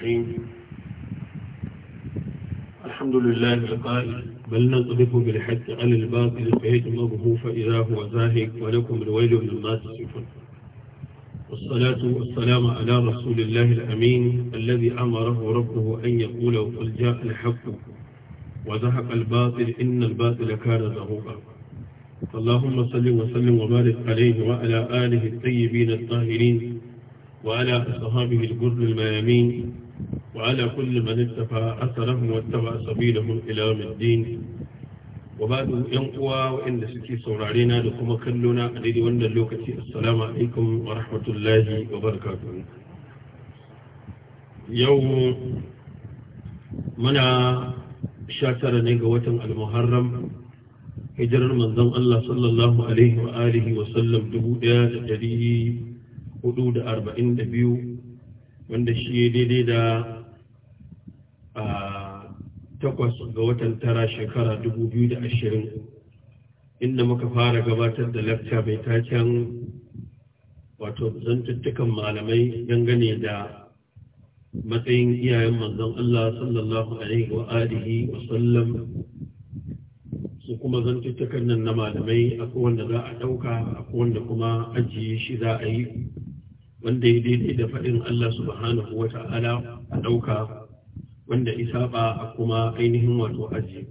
الرحيم الحمد لله القائل بل نطلق بالحق على الباطل فيجمره فإذا هو زاهق ولكم الويل مما سفر والصلاة والسلام على رسول الله الأمين الذي أمره ربه أن يقول قل جاء الحق وزهق الباطل إن الباطل كان زهوقا اللهم صل وسلم وبارك عليه وعلى آله الطيبين الطاهرين وعلى أصحابه الجر الميامين وعلى كل من اتفى أثره واتبع سبيله إلى يوم الدين وبعد ينقوى وإن سكي سورارينا لكم كلنا أريد وأن اللوكتي السلام عليكم ورحمة الله وبركاته يوم منا شاتر نيقوة المحرم hijirar manzon Allah sallallahu Alaihi wa alihi wasallam 1442 wanda shi daidai da takwas ga watan tara shekara dubu biyu da ashirin inda muka fara gabatar da lakta mai taken wato zantuttukan malamai dangane da matsayin iyayen manzon Allah sallallahu alaihi wa alihi wa sallam su kuma zantuttukan nan na malamai akwai wanda za a ɗauka akwai wanda kuma ajiye shi za a yi wanda ya daidai da faɗin Allah subhanahu wa ta'ala a ɗauka wanda isa ba a kuma ainihin wato aji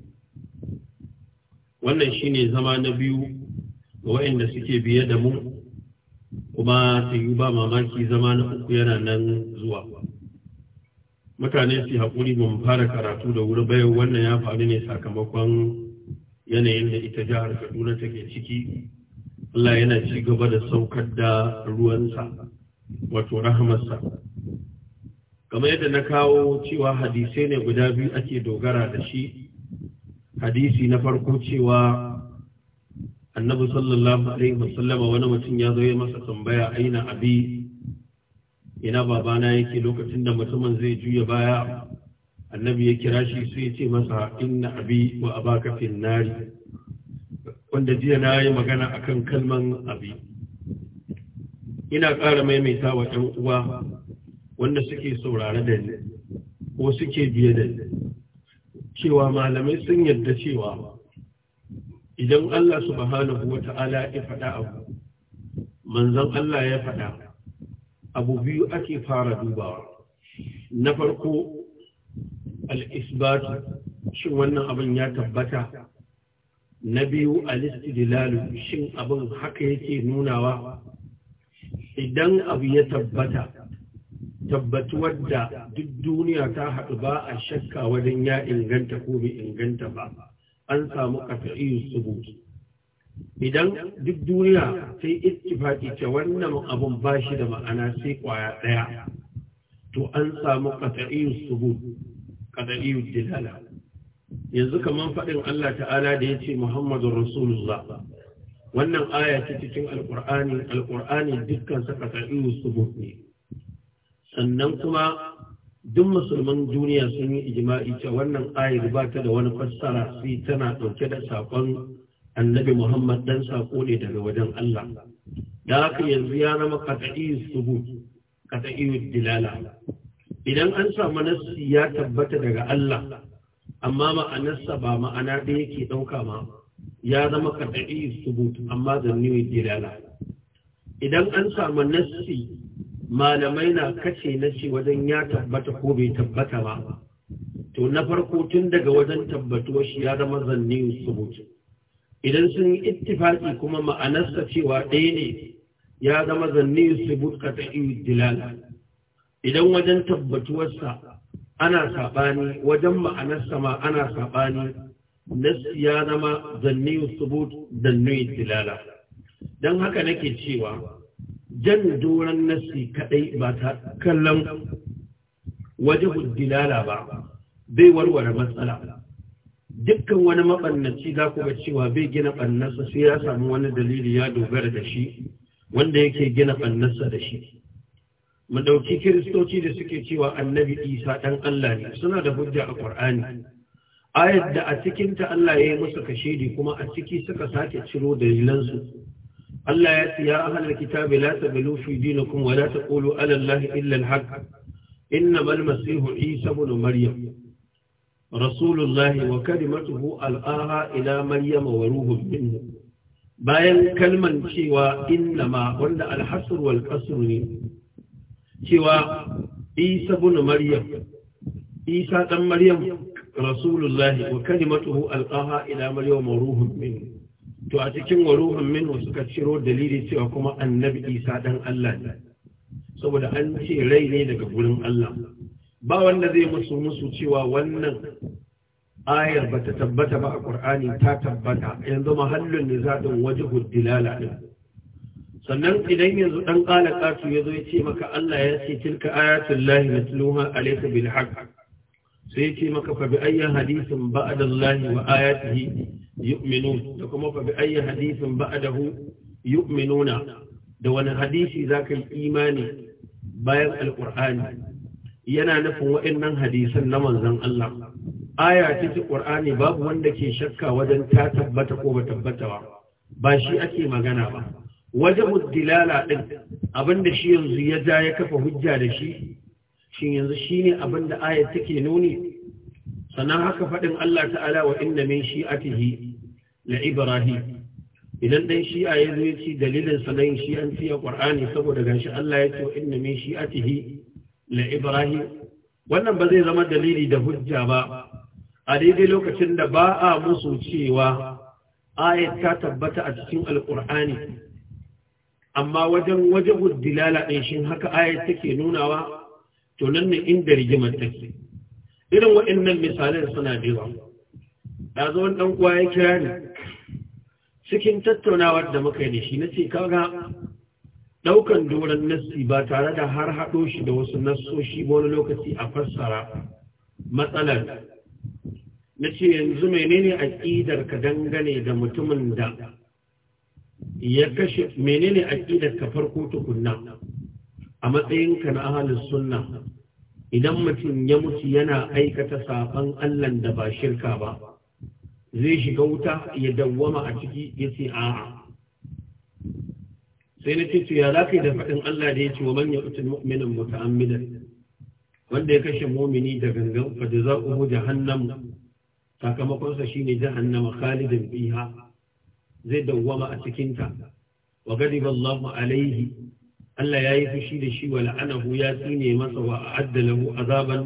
wannan shi ne zama na biyu ga wa'inda suke biye da mu kuma yi ba mamaki zama na uku yana nan zuwa mutane su haƙuri mu fara karatu da wuri bayan wannan ya faru ne sakamakon yanayin da ita jihar kaduna take ciki Allah yana ci gaba da saukar da ruwansa wato rahamarsa kamar yadda na kawo cewa hadisai ne guda biyu ake dogara da shi hadisi na farko cewa annabi sallallahu alaihi wasallama wani mutum ya zo ya masa tambaya aina abi ina babana yake lokacin da mutumin zai juya baya annabi ya kira shi sai ya ce masa inna abi wa abaka fin nari wanda jiya na yi magana akan kalman abi ina ƙara maimaita wa 'yan uwa wanda suke saurare da ni ko suke biye da ni cewa malamai sun yarda cewa idan Allah subhanahu wa ta'ala ya faɗa abu manzon Allah ya faɗa abu biyu ake fara dubawa na farko al Isbat shin wannan abin ya tabbata na biyu al istidlal shin abin haka yake nunawa idan abu ya tabbata tabbatuwar da duk duniya ta haɗu ba a shakka wajen ya inganta ko bai inganta ba an samu kafi'i subut idan duk duniya sai ittifaki ce wannan abun ba shi da ma'ana sai kwaya ɗaya to an samu kafi'i subut kafi'i dilala yanzu kamar faɗin Allah ta'ala da ya ce Muhammadu Rasulullah wannan aya ce cikin alƙur'ani alƙur'ani dukkan sa kafi'i subut ne sannan kuma duk musulman duniya sun yi ijma'i cewa wannan ayar ba ta da wani fassara sai tana ɗauke da saƙon annabi Muhammad dan sako ne daga wajen Allah. Da haka yanzu ya zama kata'iyu subu, kata'iyu dilala. Idan an samu nassi ya tabbata daga Allah, amma ma'anarsa ba ma'ana da yake ɗauka ma, ya zama kata'iyu subu amma zanni dilala. Idan an samu nassi malamai na kace na ce wajen ya tabbata ko bai tabbata ba to na farko tun daga wajen tabbatuwar shi ya zama zanni subut idan sun yi ittifaki kuma ma'anarsa cewa ɗaya ne ya zama zanni subut ka ta dilala idan wajen tabbatuwarsa ana saɓani wajen ma'anarsa ma ana saɓani nas ya zama zanni subut da nuyi dilala don haka nake cewa jan doron nassi kaɗai ba ta kallon wajibul dilala ba bai warware matsala dukkan wani mabannaci za ku ga cewa bai gina bannarsa sai ya samu wani dalili ya dogara da shi wanda yake gina bannarsa da shi mu ɗauki kiristoci da suke cewa annabi isa dan Allah ne suna da hujja a ƙur'ani. ayat da a cikinta Allah ya yi musu kashedi kuma a ciki suka sake ciro dalilansu Allah ya ce ya ahlal kitabi la tabilu fi dinikum wa la taqulu ala Allah illa al-haq innama al-masih Isa ibn Maryam rasulullah wa kalimatuhu al-aha ila Maryam wa ruhun minhu bayan kalman cewa innama wanda al-hasr wal qasr ne cewa Isa ibn Maryam Isa dan Maryam rasulullah wa kalimatuhu al-aha ila Maryam wa ruhun minhu to a cikin waru'un minhu suka ciro dalili cewa kuma annabi isa dan Allah ne saboda an ce rai ne daga gurin Allah ba wanda zai musu musu cewa wannan ayar ba ta tabbata ba a ƙur'ani ta tabbata yanzu mahallin nizadin waje dilala din. sannan idan yanzu ɗan ƙala ƙasu ya zo ya ce maka Allah ya ce tilka ayatul lahi na tuluha alaika bil haqq sai ce maka fa bi hadisin ba'da Allah wa ayatihi yu'minun da kuma fa bi ayyan hadisin ba'dahu yu'minuna da wani hadisi zaka yi imani bayan alqur'ani yana nufin wa'annan hadisan na manzon Allah aya ƙur'ani qur'ani babu wanda ke shakka wajen ta tabbata ko ba tabbata ba shi ake magana ba wajen dilala din abinda shi yanzu ya ja ya kafa hujja da shi shin yanzu shine abin da ayat take nuni sannan haka faɗin Allah ta'ala wa inna min shi'atihi la ibrahim idan dan shi'a ya zo yace dalilin sa dan shi an fiya qur'ani saboda ganshi Allah ya ce wa inna min shi'atihi la ibrahim wannan ba zai zama dalili da hujja ba a daidai lokacin da ba a musu cewa ayat ta tabbata a cikin alqur'ani amma wajen wajen dilala din shin haka ayat take nunawa to nan ne inda rigimar take irin waɗannan misalan suna da yawa ɗazo ɗan uwa ya kira ni cikin tattaunawar da muka yi shi na ce kaga ɗaukan doron nassi ba tare da har haɗo shi da wasu nassoshi ba wani lokaci a fassara matsalar na ce yanzu menene aƙidar ka dangane da mutumin da ya kashe menene aƙidar ka farko tukunna a matsayinka na ahalin sunna idan mutum ya mutu yana aikata safan allan da ba shirka ba zai shiga wuta ya dawwama a ciki ya ce a'a sai na ce ya za ka yi da faɗin Allah da ya ce wa man ya utun mu'minin muta'ammidan wanda ya kashe mumini da gangan za jazaohu jahannam sakamakon sa shine jahannama khalidin fiha zai dawwama a cikinta, wa ghadiba Allahu alaihi Allah ya yi fushi da shi wa la'anahu ya tsine masa wa a'adda azaban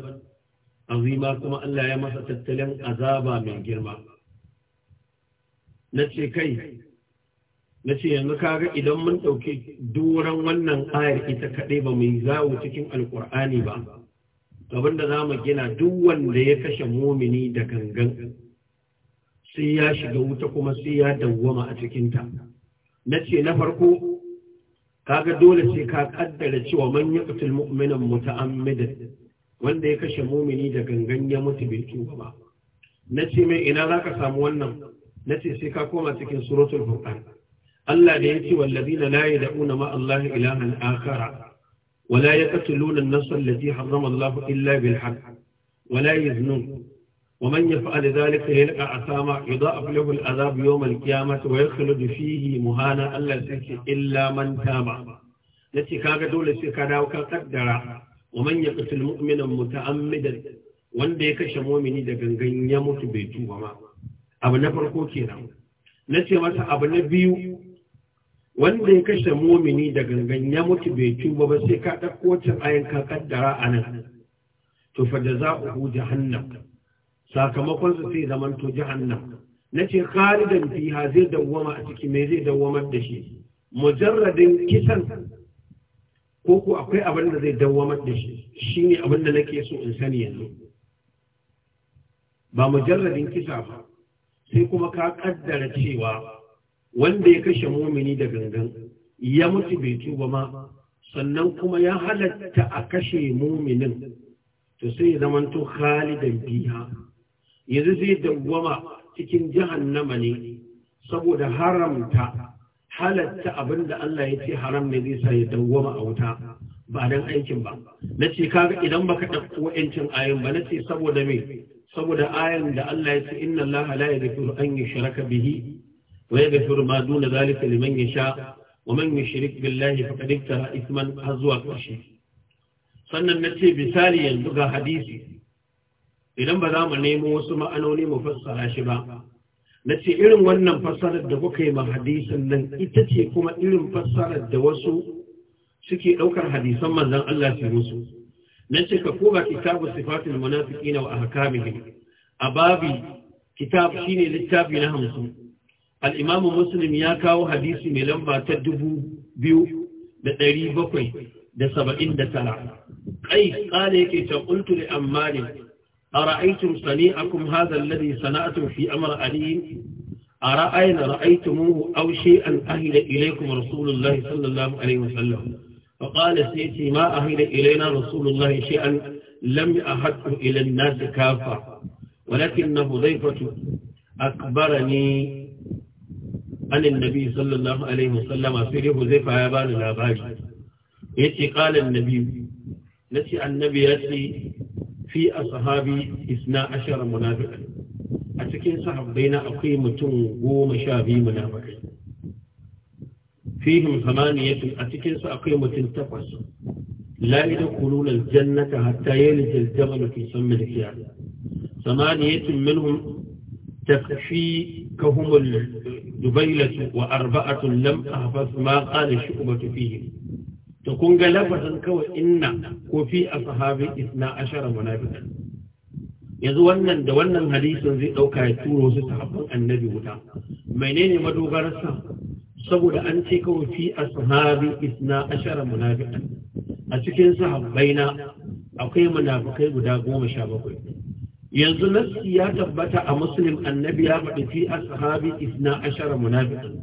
azima kuma Allah ya masa tattalin azaba mai girma na ce kai na ce yanzu kaga idan mun ɗauki duran wannan ayar ita kaɗai ba mu yi zawo cikin alkur'ani ba abin da za mu gina duk wanda ya kashe momini da gangan sai ya shiga wuta kuma sai ya dawwama a cikinta na ce na farko kaga dole sai ka kaddara cewa man yaqtul mu'mina muta'ammidan wanda ya kashe mumini da gangan ya mutu bai tuba ba nace mai ina zaka samu wannan nace sai ka koma cikin suratul furqan Allah da yake wallazina da 'una ma Allah ilahan akhara ولا يقتلون النفس التي حرم الله إلا بالحق ولا يزنون ومن يفعل ذلك يلقى أثاما يضاعف له العذاب يوم القيامة ويخلد فيه مهانا ألا تكي إلا من تاب نتي كاغا دولة سيكادا وكاقدرا ومن يقتل مؤمنا متعمدا wanda ya kashe momini da gangan ya mutu bai tuba ma abu na farko kenan na ce masa abu na biyu wanda ya kashe momini da gangan ya mutu bai tuba ba sai ka ɗauko wacce ayin ka kaddara a nan to fa da za ku jahannam sakamakon su sai to jahannam nace khalidan fiha zai dawwama a ciki me zai dawwamar da shi mujarradin kisan ko ko akwai abin da zai dawwamar da shi shine abin da nake so in sani yanzu ba mujarradin kisa ba sai kuma ka kaddara cewa wanda ya kashe mumini da gangan ya mutu bai tuba ma sannan kuma ya halatta a kashe muminin to sai ya zamanto khalidan biha yanzu zai dawwama cikin jahannama ne saboda haramta halatta abin da Allah ya ce haram ne zai sa ya dawwama a wuta ba don aikin ba na ce kaga idan baka ɗauko wa'ancin ayan ba na ce saboda me saboda ayan da Allah ya ce inna Allah la yaghfiru an shiraka bihi wa gafiru ma duna zalika liman sha, wa man yushrik billahi faqad iftara isman azwa kashi sannan na ce misali yanzu ga hadisi idan ba za mu nemo wasu ma'anoni mu fassara shi ba na ce irin wannan fassarar da kuka yi ma hadisin nan ita ce kuma irin fassarar da wasu suke ɗaukar hadisan manzan Allah su musu na ce ka koma kitabu sifatul munafiqina wa ahkamihim a babi kitab shine littafi na hamsin al-imamu muslim ya kawo hadisi mai lamba ta dubu biyu da ɗari bakwai da saba'in da tara kai tsare yake can ƙuntu da ne. أرأيتم صنيعكم هذا الذي صنعتم في أمر علي أرأين رأيتموه أو شيئا أهل إليكم رسول الله صلى الله عليه وسلم فقال سيتي ما أهل إلينا رسول الله شيئا لم أحده إلى الناس كافة ولكن هذيفة أكبرني عن النبي صلى الله عليه وسلم في هذيفة يا بان الأباج يتي قال النبي نسي النبي يتي fi sahabi isna ashara munafiqan a cikin sahabbai na akwai mutum goma sha biyu munafiqai fihim samaniyatun a cikin su akwai mutum takwas la yadkhuluna aljannata hatta yalija aljamal fi sammi alkhiyar samaniyatun minhum تكفي كهم الدبيلة وأربعة لم أحفظ ما قال الشعبة فيهم to kun ga lafazin kawai inna ko fi a sahabi isna ashara munafiqan yanzu wannan da wannan hadisin zai dauka ya turo su sahabban annabi wuta menene madogarar sa saboda an ce kawai fi a sahabi isna ashara munafiqan a cikin sahabbaina akwai munafikai guda goma sha bakwai yanzu nassi ya tabbata a muslim annabi ya faɗi fi a sahabi isna ashara munafiqan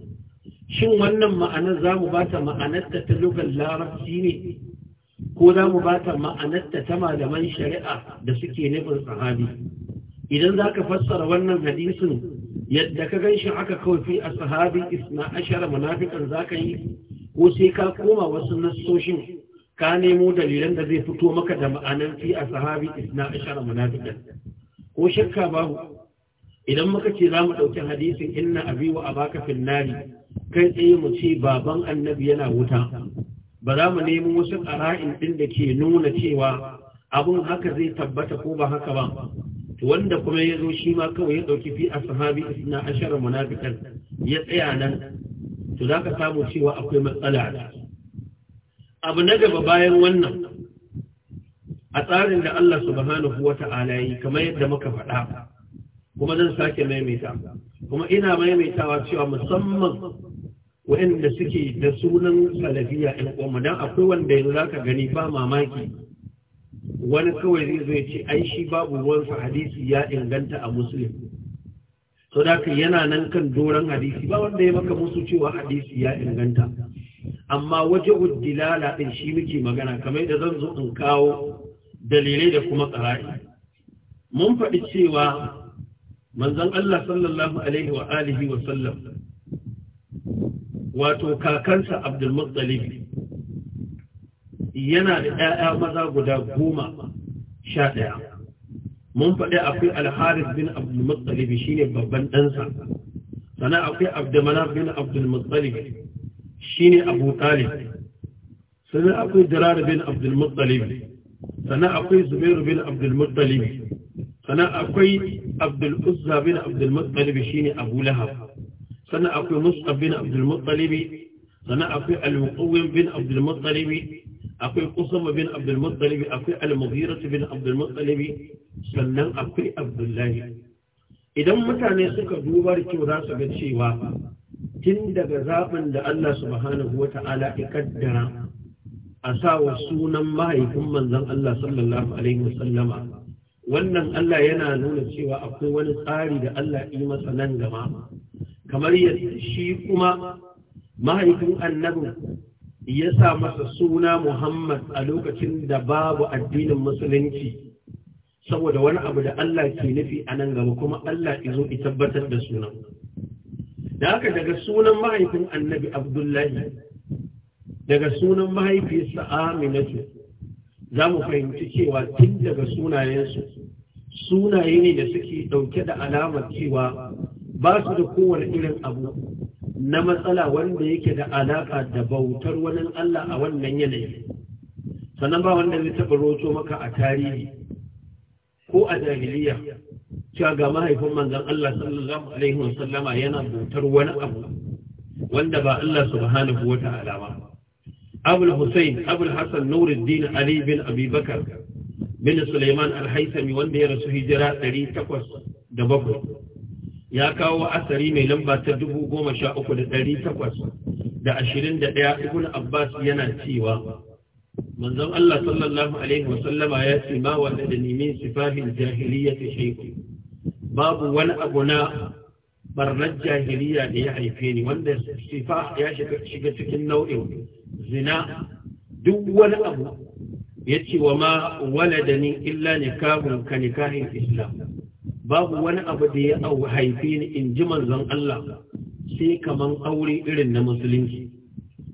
shin wannan ma'anar za mu ba ta ma'anarta ta lugar larabci ne ko za mu ba ta ma'anarta ta malaman shari'a da suke nufin sahabi idan za ka fassara wannan hadisin yadda ka gan shi aka kawai fi a sahabi isna ashara munafikan za ka yi ko sai ka koma wasu nassoshin ka nemo dalilan da zai fito maka da ma'anar fi a sahabi isna ashara munafikan ko shakka babu idan muka ce za mu ɗauki hadisin inna abi wa abaka finnari kai tsaye mu ce baban annabi yana wuta ba za mu nemi wasu ƙara'in ɗin da ke nuna cewa abin haka zai tabbata ko ba haka ba wanda kuma ya zo shi ma kawai ya ɗauki fi a sahabi na ashirar munafikan ya tsaya nan to za ka samu cewa akwai matsala abu na gaba bayan wannan a tsarin da Allah subhanahu wa ta'ala yi kamar yadda muka faɗa kuma zan sake maimaita kuma ina maimaitawa cewa musamman waɗanda suke da sunan salafiya in kuma dan akwai wanda yanzu zaka gani ba mamaki wani kawai zai zo ya ce ai shi babu ruwan sa hadisi ya inganta a muslim so da yana nan kan doron hadisi ba wanda ya maka musu cewa hadisi ya inganta amma waje uddilala din shi muke magana kamar da zan zo in kawo dalilai da kuma tsarari mun faɗi cewa manzon Allah sallallahu alaihi wa alihi wa sallam wato kakansa Abdul Muttalib yana da ƴaƴa maza guda goma sha ɗaya mun faɗi akwai al bin Abdul Muttalib shine babban ɗansa sannan akwai Abdul bin Abdul Muttalib shine Abu Talib sana akwai Dirar bin Abdul Muttalib sana akwai Zubairu bin Abdul Muttalib sana akwai abdul uzza bin abdul shi ne abu lahab sannan akwai mus'ab bin abdul sannan akwai al-muqawwim bin abdul akwai kusama bin abdul akwai al-mughira bin abdul sannan akwai abdullahi idan mutane suka duba da kyau za su ga cewa tun daga zaɓin da Allah subhanahu wa ta'ala ya kaddara a sa wa sunan mahaifin manzon Allah sallallahu alaihi wa sallama. wannan Allah yana nuna cewa akwai wani tsari da Allah yi masa nan gama kamar yadda shi kuma mahaifin annabi ya sa masa suna Muhammad a lokacin da babu addinin musulunci saboda wani abu da Allah ke nufi a nan gaba kuma Allah izo ya tabbatar da sunan da haka daga sunan mahaifin annabi Abdullahi daga sunan mahaifiyarsa Aminatu za mu fahimci cewa tun daga sunayensu sunaye ne da suke ɗauke da alamar cewa ba su da kowane irin abu na matsala wanda yake da alaƙa da bautar wani Allah a wannan yanayi sannan ba wanda zai taɓa roto maka a tarihi ko a jahiliya cewa ga mahaifin manzon Allah sallallahu alaihi wasallama yana bautar wani abu wanda ba Allah subhanahu wa ta'ala ba abul hussein abul hassan nuruddin ali bin Abibakar bin suleiman alhaisami wanda ya rasu hijira 807 ya kawo asari mai lamba ta dubu goma da ashirin ɗaya ibn abbas yana cewa manzon Allah sallallahu ya ce ma wanda da nemi sifahin jahiliya ta shaiku babu wani abu na barnar jahiliya da ya haife ni wanda sifa ya shiga cikin nau'i. zina duk wani abu ya ce wa ma ni illa nikahun ka nikahin islam babu wani abu da ya haife ni in ji manzon Allah sai kaman aure irin na musulunci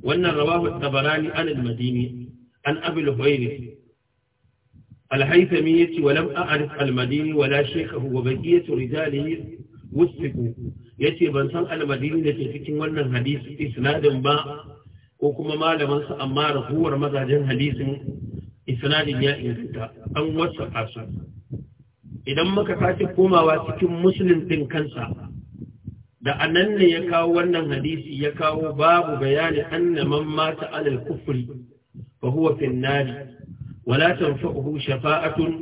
wannan rawahu tabarani an al-madini an abul huwairi al-haythami yace wa lam a'rif al-madini wala shaykhahu wa baqiyatu rijalihi wusfiqu yace ban san al-madini da ke cikin wannan hadisi isnadin ba ko kuma malamansa amma rahuwar mazajen hadisin isnadin ya inganta an wasa su idan muka sake komawa cikin musulun din kansa da anan ne ya kawo wannan hadisi ya kawo babu bayani anna man mata alal kufri fa huwa fi nari wala tanfa'uhu shafa'atun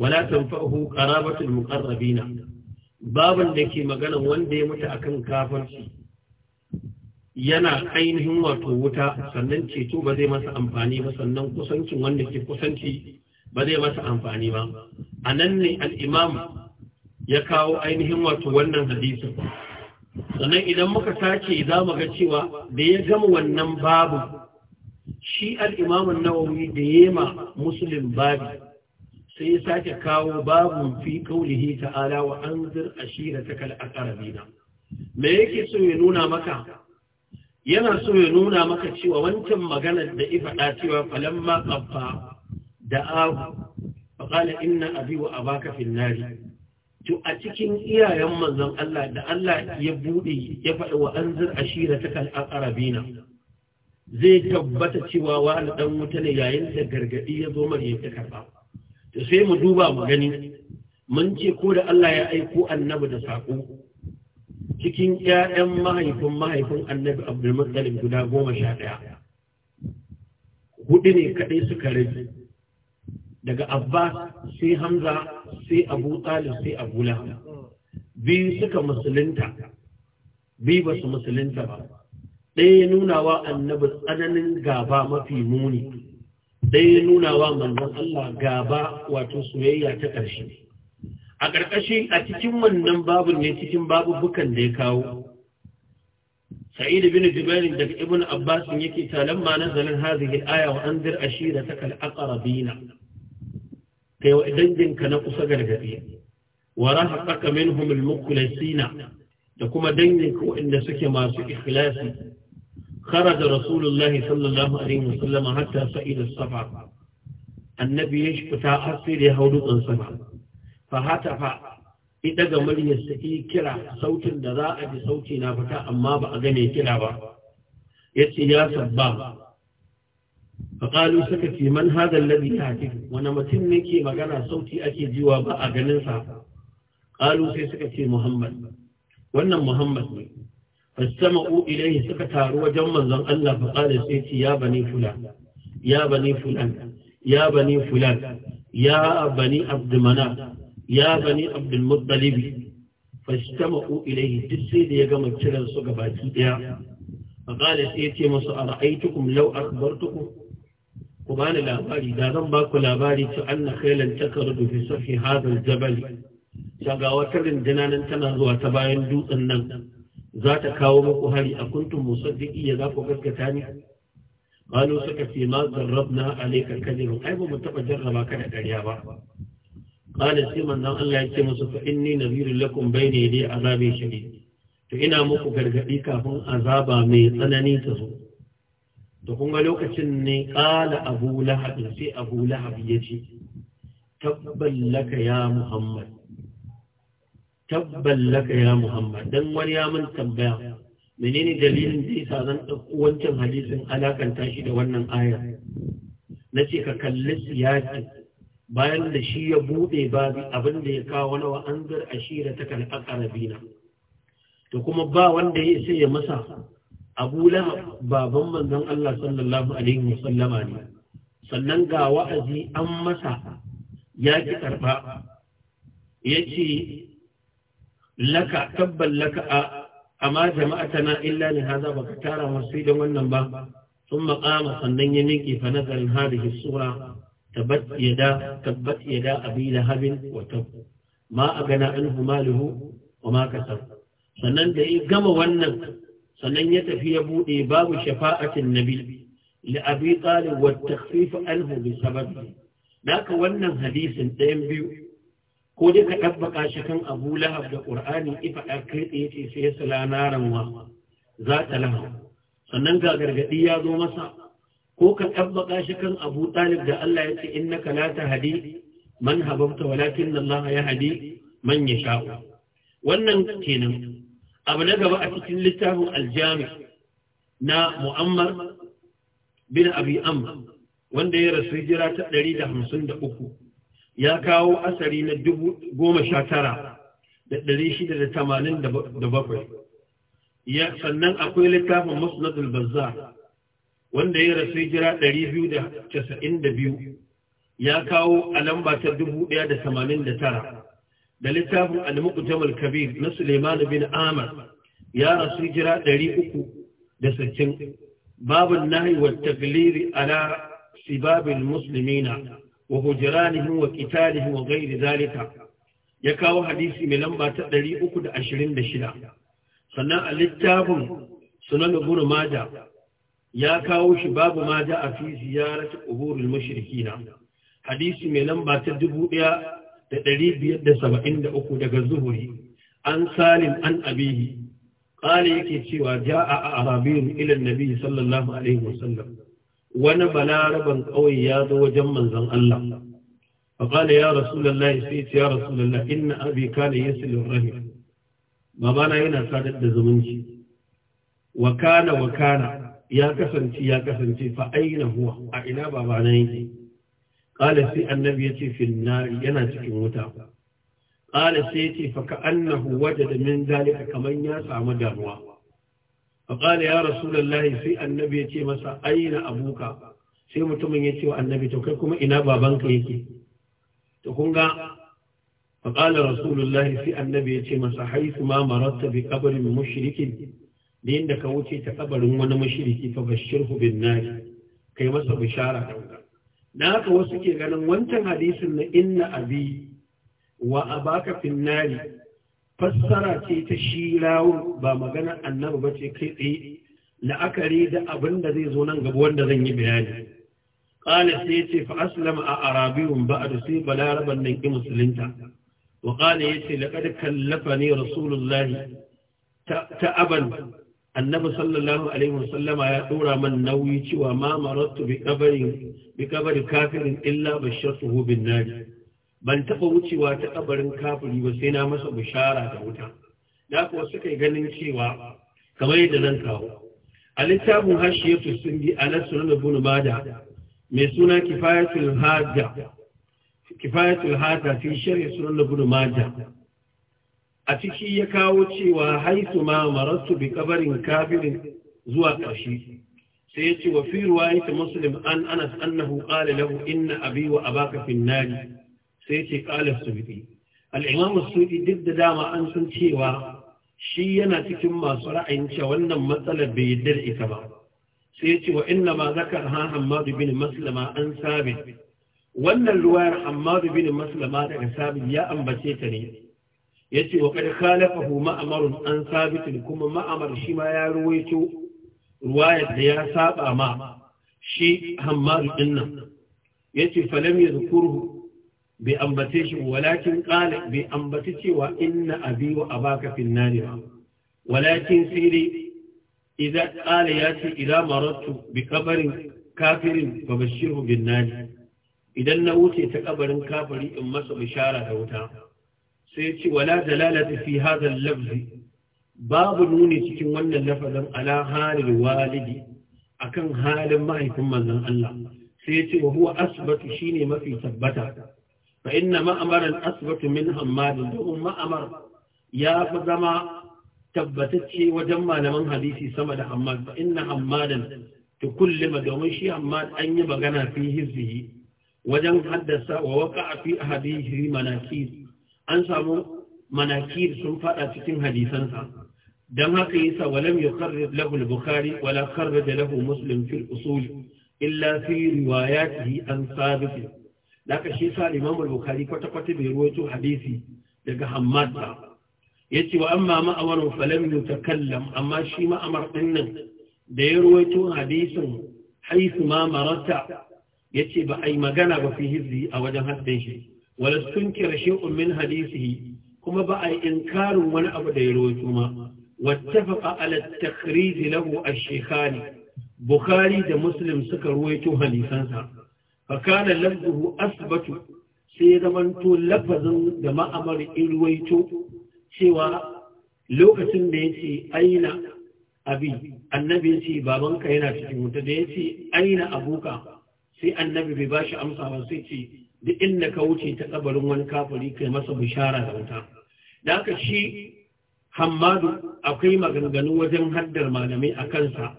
wala tanfa'uhu qarabatul muqarrabina baban da ke magana wanda ya mutu akan kafirci yana ainihin wato wuta sannan ceto ba zai masa amfani ba sannan kusancin wanda ke kusanci ba zai masa amfani ba a nan ne al'imam ya kawo ainihin wato wannan hadisin sannan idan muka sake za mu ga cewa da ya gama wannan babu shi al'imamun nawawi da yema musulun babi sai ya sake kawo babun fi kaulihi ta'ala wa an zir ashira ta kal'akarabina me yake so ya nuna maka yana so ya nuna maka cewa wancan maganar da ifaɗa cewa falamma ƙafa da abu faƙala inna abi wa abaka finnari to a cikin iyayen manzon Allah da Allah ya buɗe ya faɗi wa anzir ashira ta kan arabina zai tabbata cewa wani dan wuta ne yayin da gargadi ya zo mai ta karba to sai mu duba mu gani mun ce ko da Allah ya aiko annabi da sako cikin ‘ya'yan mahaifin mahaifin annabi abdulmuttalib guda goma sha ɗaya hudu ne kaɗai suka rabi daga abbas sai hamza sai abu talib sai abu biyu suka musulunta biyu ba su musulunta ba ɗaya nunawa annabi tsananin gaba mafi muni ɗaya nunawa manzon Allah gaba wato soyayya ta ƙarshe a ƙarƙashin a cikin wannan babun ne cikin babubukan da ya kawo sa'id bin jubair daga ibn abbas yake talan ma nazalin hadhihi al-aya wa anzir ashiratakal aqrabina kai wa danginka na kusa gargadi wa rahaqaka minhum al-mukhlasina da kuma danginka waɗanda suke masu ikhlasi خرج رسول الله صلى الله عليه وسلم Annabi ya الصفا النبي يشفتا أصير يهود sama. fahata fa yi daga majiyar ta yi kira sautin da za a ji sauti na fita amma ba a gane kira ba ya ce ya sabba faƙalu suka ce man hagan ta ce wani mutum ne ke magana sauti ake jiwa ba a ganin sa ƙalu sai suka ce muhammad wannan muhammad ne fassama u ilai suka taru wajen manzon allah faƙalu sai ce ya bani fulan ya bani fulan ya bani fulan ya bani abdumanaf ya bani abdul muttalib fashtama'u ilayhi duk sai da ya gama kiran su ga baki daya faqala sai ya ce musu ara'aytukum law akbartukum ku bani labari da zan ba ku labari ta anna khailan takardu fi safi hadha al-jabal wata rindina nan tana zuwa ta bayan dutsen nan za ta kawo muku hari a kuntum musaddiki ya za ku gaskata ni قالوا سكتي ما ai ba mu taɓa jarraba ka da كذا ba. qala sai manzon Allah ya ce musu fa inni nadhirul lakum bayna yadi azabi shadid to ina muku gargadi kafin azaba mai tsanani ta zo to kuma lokacin ne qala abu lahab sai abu lahab yace tabban laka ya muhammad tabban laka ya muhammad dan wani ya mun tambaya menene dalilin da sa zan ɗauko wancan hadisin alakanta shi da wannan aya nace ka kalli siyasi bayan da shi ya buɗe babi abin da ya kawo na wa'angar ashira ta kan akarabina to kuma ba wanda ya sai ya masa abu lahab baban manzon Allah sallallahu alaihi wasallama ne sannan ga wa'azi an masa ya ki karba ya ce laka tabbal laka a amma jama'atana illa ne haza baka tara masu idan wannan ba sun maƙama sannan ya miƙe fa nazarin hadihi sura تبت يدا تبت يدا أبي ma a gana أغنى عنه ماله وما كسب sannan da ya gama wannan sannan ya tafi ya bude babu shafa'atin nabi li abi talib wa takhfif anhu bi sabab naka wannan hadisin ɗayan biyu ko dai ka tabbaka shi kan Abu Lahab da ƙur'ani ifa da kai ce sai ya sala naran wa za ta lahu sannan ga gargadi ya zo masa ko ka tabbaka shi kan Abu Talib da Allah ya ce innaka la tahdi man hababta walakin Allah ya hadi man yasha wannan kenan abu na gaba a cikin littafin aljami na Muammar bin Abi Amr wanda ya rasu hijira ta 153 ya kawo asari na 19 da ɗari shida da tamanin da bakwai. Sannan akwai littafin Musnadul Bazzar wanda ya rasu jira 292 ya kawo a lamba ta 1089 da littafin al-muqtamal kabir na Suleiman bin Ahmad ya rasu jira 360 babun nahi wa tagliri ala sibabil muslimina wa hujranihim wa qitalihim wa ghairi zalika ya kawo hadisi mai lamba ta 326 sannan a littafin sunan ibn majah ya kawo shi babu ma ja a fi ziyarati mashirki na. hadisi mai lamba ta uku daga zuhuri an salim an abihi qala yake cewa a arabiyun ilan annabi sallallahu alaihi wasallam wani balaraban ƙauye ya zo wajen manzon Allah فقال ya رسول ya سيت يا رسول الله إن أبي كان يسل الرهن بابانا ينا سادت زمنشي وكان وكان ya kasance ya kasance fa aina huwa a ina babana yake qala sai annabi yace fil nar yana cikin wuta qala sai ya ce fa ka'annahu wajada min zalika kamar ya samu damuwa fa qala ya rasulullahi sai annabi ya ce masa aina abuka sai mutumin ya ce wa annabi to kai kuma ina babanka yake to kun ga fa qala rasulullahi sai annabi ya ce masa haythu ma maratta bi qabrin mushrikin da yadda ka wuce ta kabarin wani mashiriki fa bashirhu bin nari kai masa bishara da wuta haka wasu ke ganin wancan hadisin na inna abi wa abaka fin nari fassara ce ta shi rawun ba magana annabi ba ce kai tsaye la'akari da abin da zai zo nan gaba wanda zan yi bayani قال سيتي فأسلم أعرابي بعد سيب لا ربا ننك مسلمتا وقال يتي لقد كلفني رسول الله تأبا annabi sallallahu alaihi wasallama ya dora man nauyi cewa ma marattu bi kabarin bi kabari kafirin illa bashartuhu bin nar ban taba wucewa ta kabarin kafiri ba sai na masa bishara da wuta da kuwa suka yi ganin cewa kamar yadda nan kawo a littafin hashiyatu sun bi ala sunan ibn mada mai suna kifayatul hajja kifayatul hajja fi sharh sunan mada a ciki ya kawo cewa haisu ma marastu bi kabarin kafirin zuwa ƙarshe sai ya ce wa fi ruwayat muslim an anas annahu qala lahu inna abi wa abaka fi nari sai ya ce qala subiti al-imam as-sufi duk da dama an san cewa shi yana cikin masu ra'ayin cewa wannan matsalar bai yarda da ita ba sai ya ce wa inna ma zakar ha hammadu bin maslama an sabit wannan ruwayar hammadu bin maslama daga sabit ya ambace ta ne yace wa kad khalafahu ma'marun an sabit kuma ma'amar shi ma ya ruwaito ruwayar da ya saba ma shi hammadu dinnan yace falam yadhkuruhu bi ambace shi walakin qala bi ambace cewa inna abi wa abaka fil nar walakin siri idza qala yace ila marattu bi qabrin kafirin fa bashirhu bin idan na wuce ta kabarin kafiri in masa bishara da wuta sai ce wala dalalata fi hadha al-lafzi babu nuni cikin wannan lafazin ala halil walidi akan halin mahaifin manzon Allah sai ce wa huwa shine mafi tabbata fa inna ma'amaran asbatu min hammad domin ma'amar ya fi zama tabbatacce wajen malaman hadisi sama da hammad fa inna hammadan tukullima domin shi hammad an yi magana fi hizbihi wajen haddasa wa waka fi hadisi manakir an samu manakir sun faɗa cikin hadisansa don haka yasa walam ya lahu al-bukhari wala kharraja lahu muslim fil usul illa fi riwayatihi an sabit laka shi sa imam bukhari kwata kwata bai ruwaito hadisi daga hammad ba yace wa amma ma'amar falam yutakallam amma shi ma'amar din nan da ya ruwaito hadisin haifu ma marata yace ba ai magana ba fi hizzi a wajen haddin shi wala tunkira shay'un min hadisihi kuma ba a inkarin wani abu da ya rawaito ma wattafaqa ala takhrij lahu ash-shaykhani bukhari da muslim suka rawaito hadisansa fa kana lafzuhu asbatu sai zamanto lafazin da ma'amar irwaito cewa lokacin da ya ce aina abi annabi ya ce babanka yana cikin wuta da ya ce aina abuka sai annabi bai ba shi amsa ba sai ce duk inda ka wuce ta kabarin wani kafali kai masa bishara da wuta da haka shi hammadu akwai maganganu wajen haddar malamai a kansa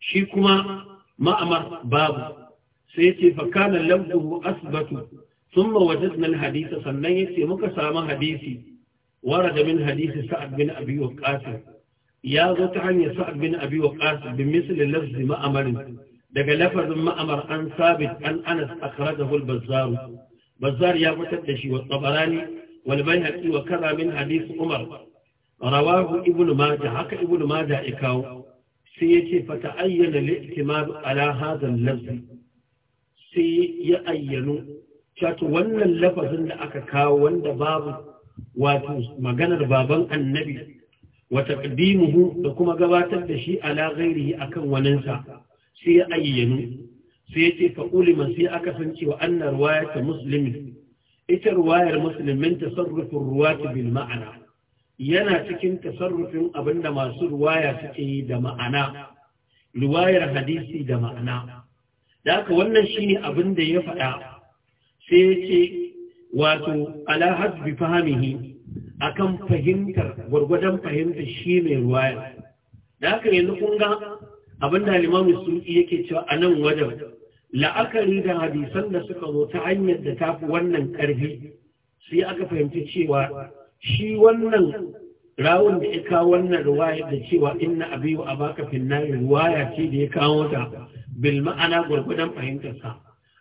shi kuma ma'amar babu sai ce fakana lafzuhu asbatu thumma nan hadisa sannan yace muka samu hadisi da min hadisi sa'ad bin abi waqas ya zo ta hanyar sa'ad bin abi waqas bi misl lafz ma'amar daga lafazin ma'amar an sabit an anas akhrajahu al-bazzar bazzar ya fitar da shi wa tsabarani wal bayhaqi wa kaza min umar rawahu ibn majah haka ibn majah ya kawo sai yace fa ayyana li'timad ala hadha al sai ya ayyanu. wato wannan lafazin da aka kawo wanda babu wato maganar baban annabi wa taqdimuhu da kuma gabatar da shi ala ghairihi akan waninsa sai ya ayyano sai yace fa'ulima sai aka san cewa anna wayata muslimi ita riwayar sarrufin tasarrufin ta bin ma'ana yana cikin tasarrufin abinda masu ruwaya suke yi da ma'ana riwayar hadisi da ma'ana da haka wannan shine abin da ya faɗa sai yace wato ala hasbi fahimihi akan fahimtar gwargwadon fahimtar shi mai ruwayar. da haka yanzu kun ga abin da limamu suki yake cewa a nan wajen la'akari da hadisan da suka zo ta hanyar da ta fi wannan ƙarfi sai aka fahimci cewa shi wannan rawun da ya kawo wannan ruwaya da cewa inna abi wa abaka finnari ruwaya ce da ya kawo ta bil ma'ana gwargwadon fahimtarsa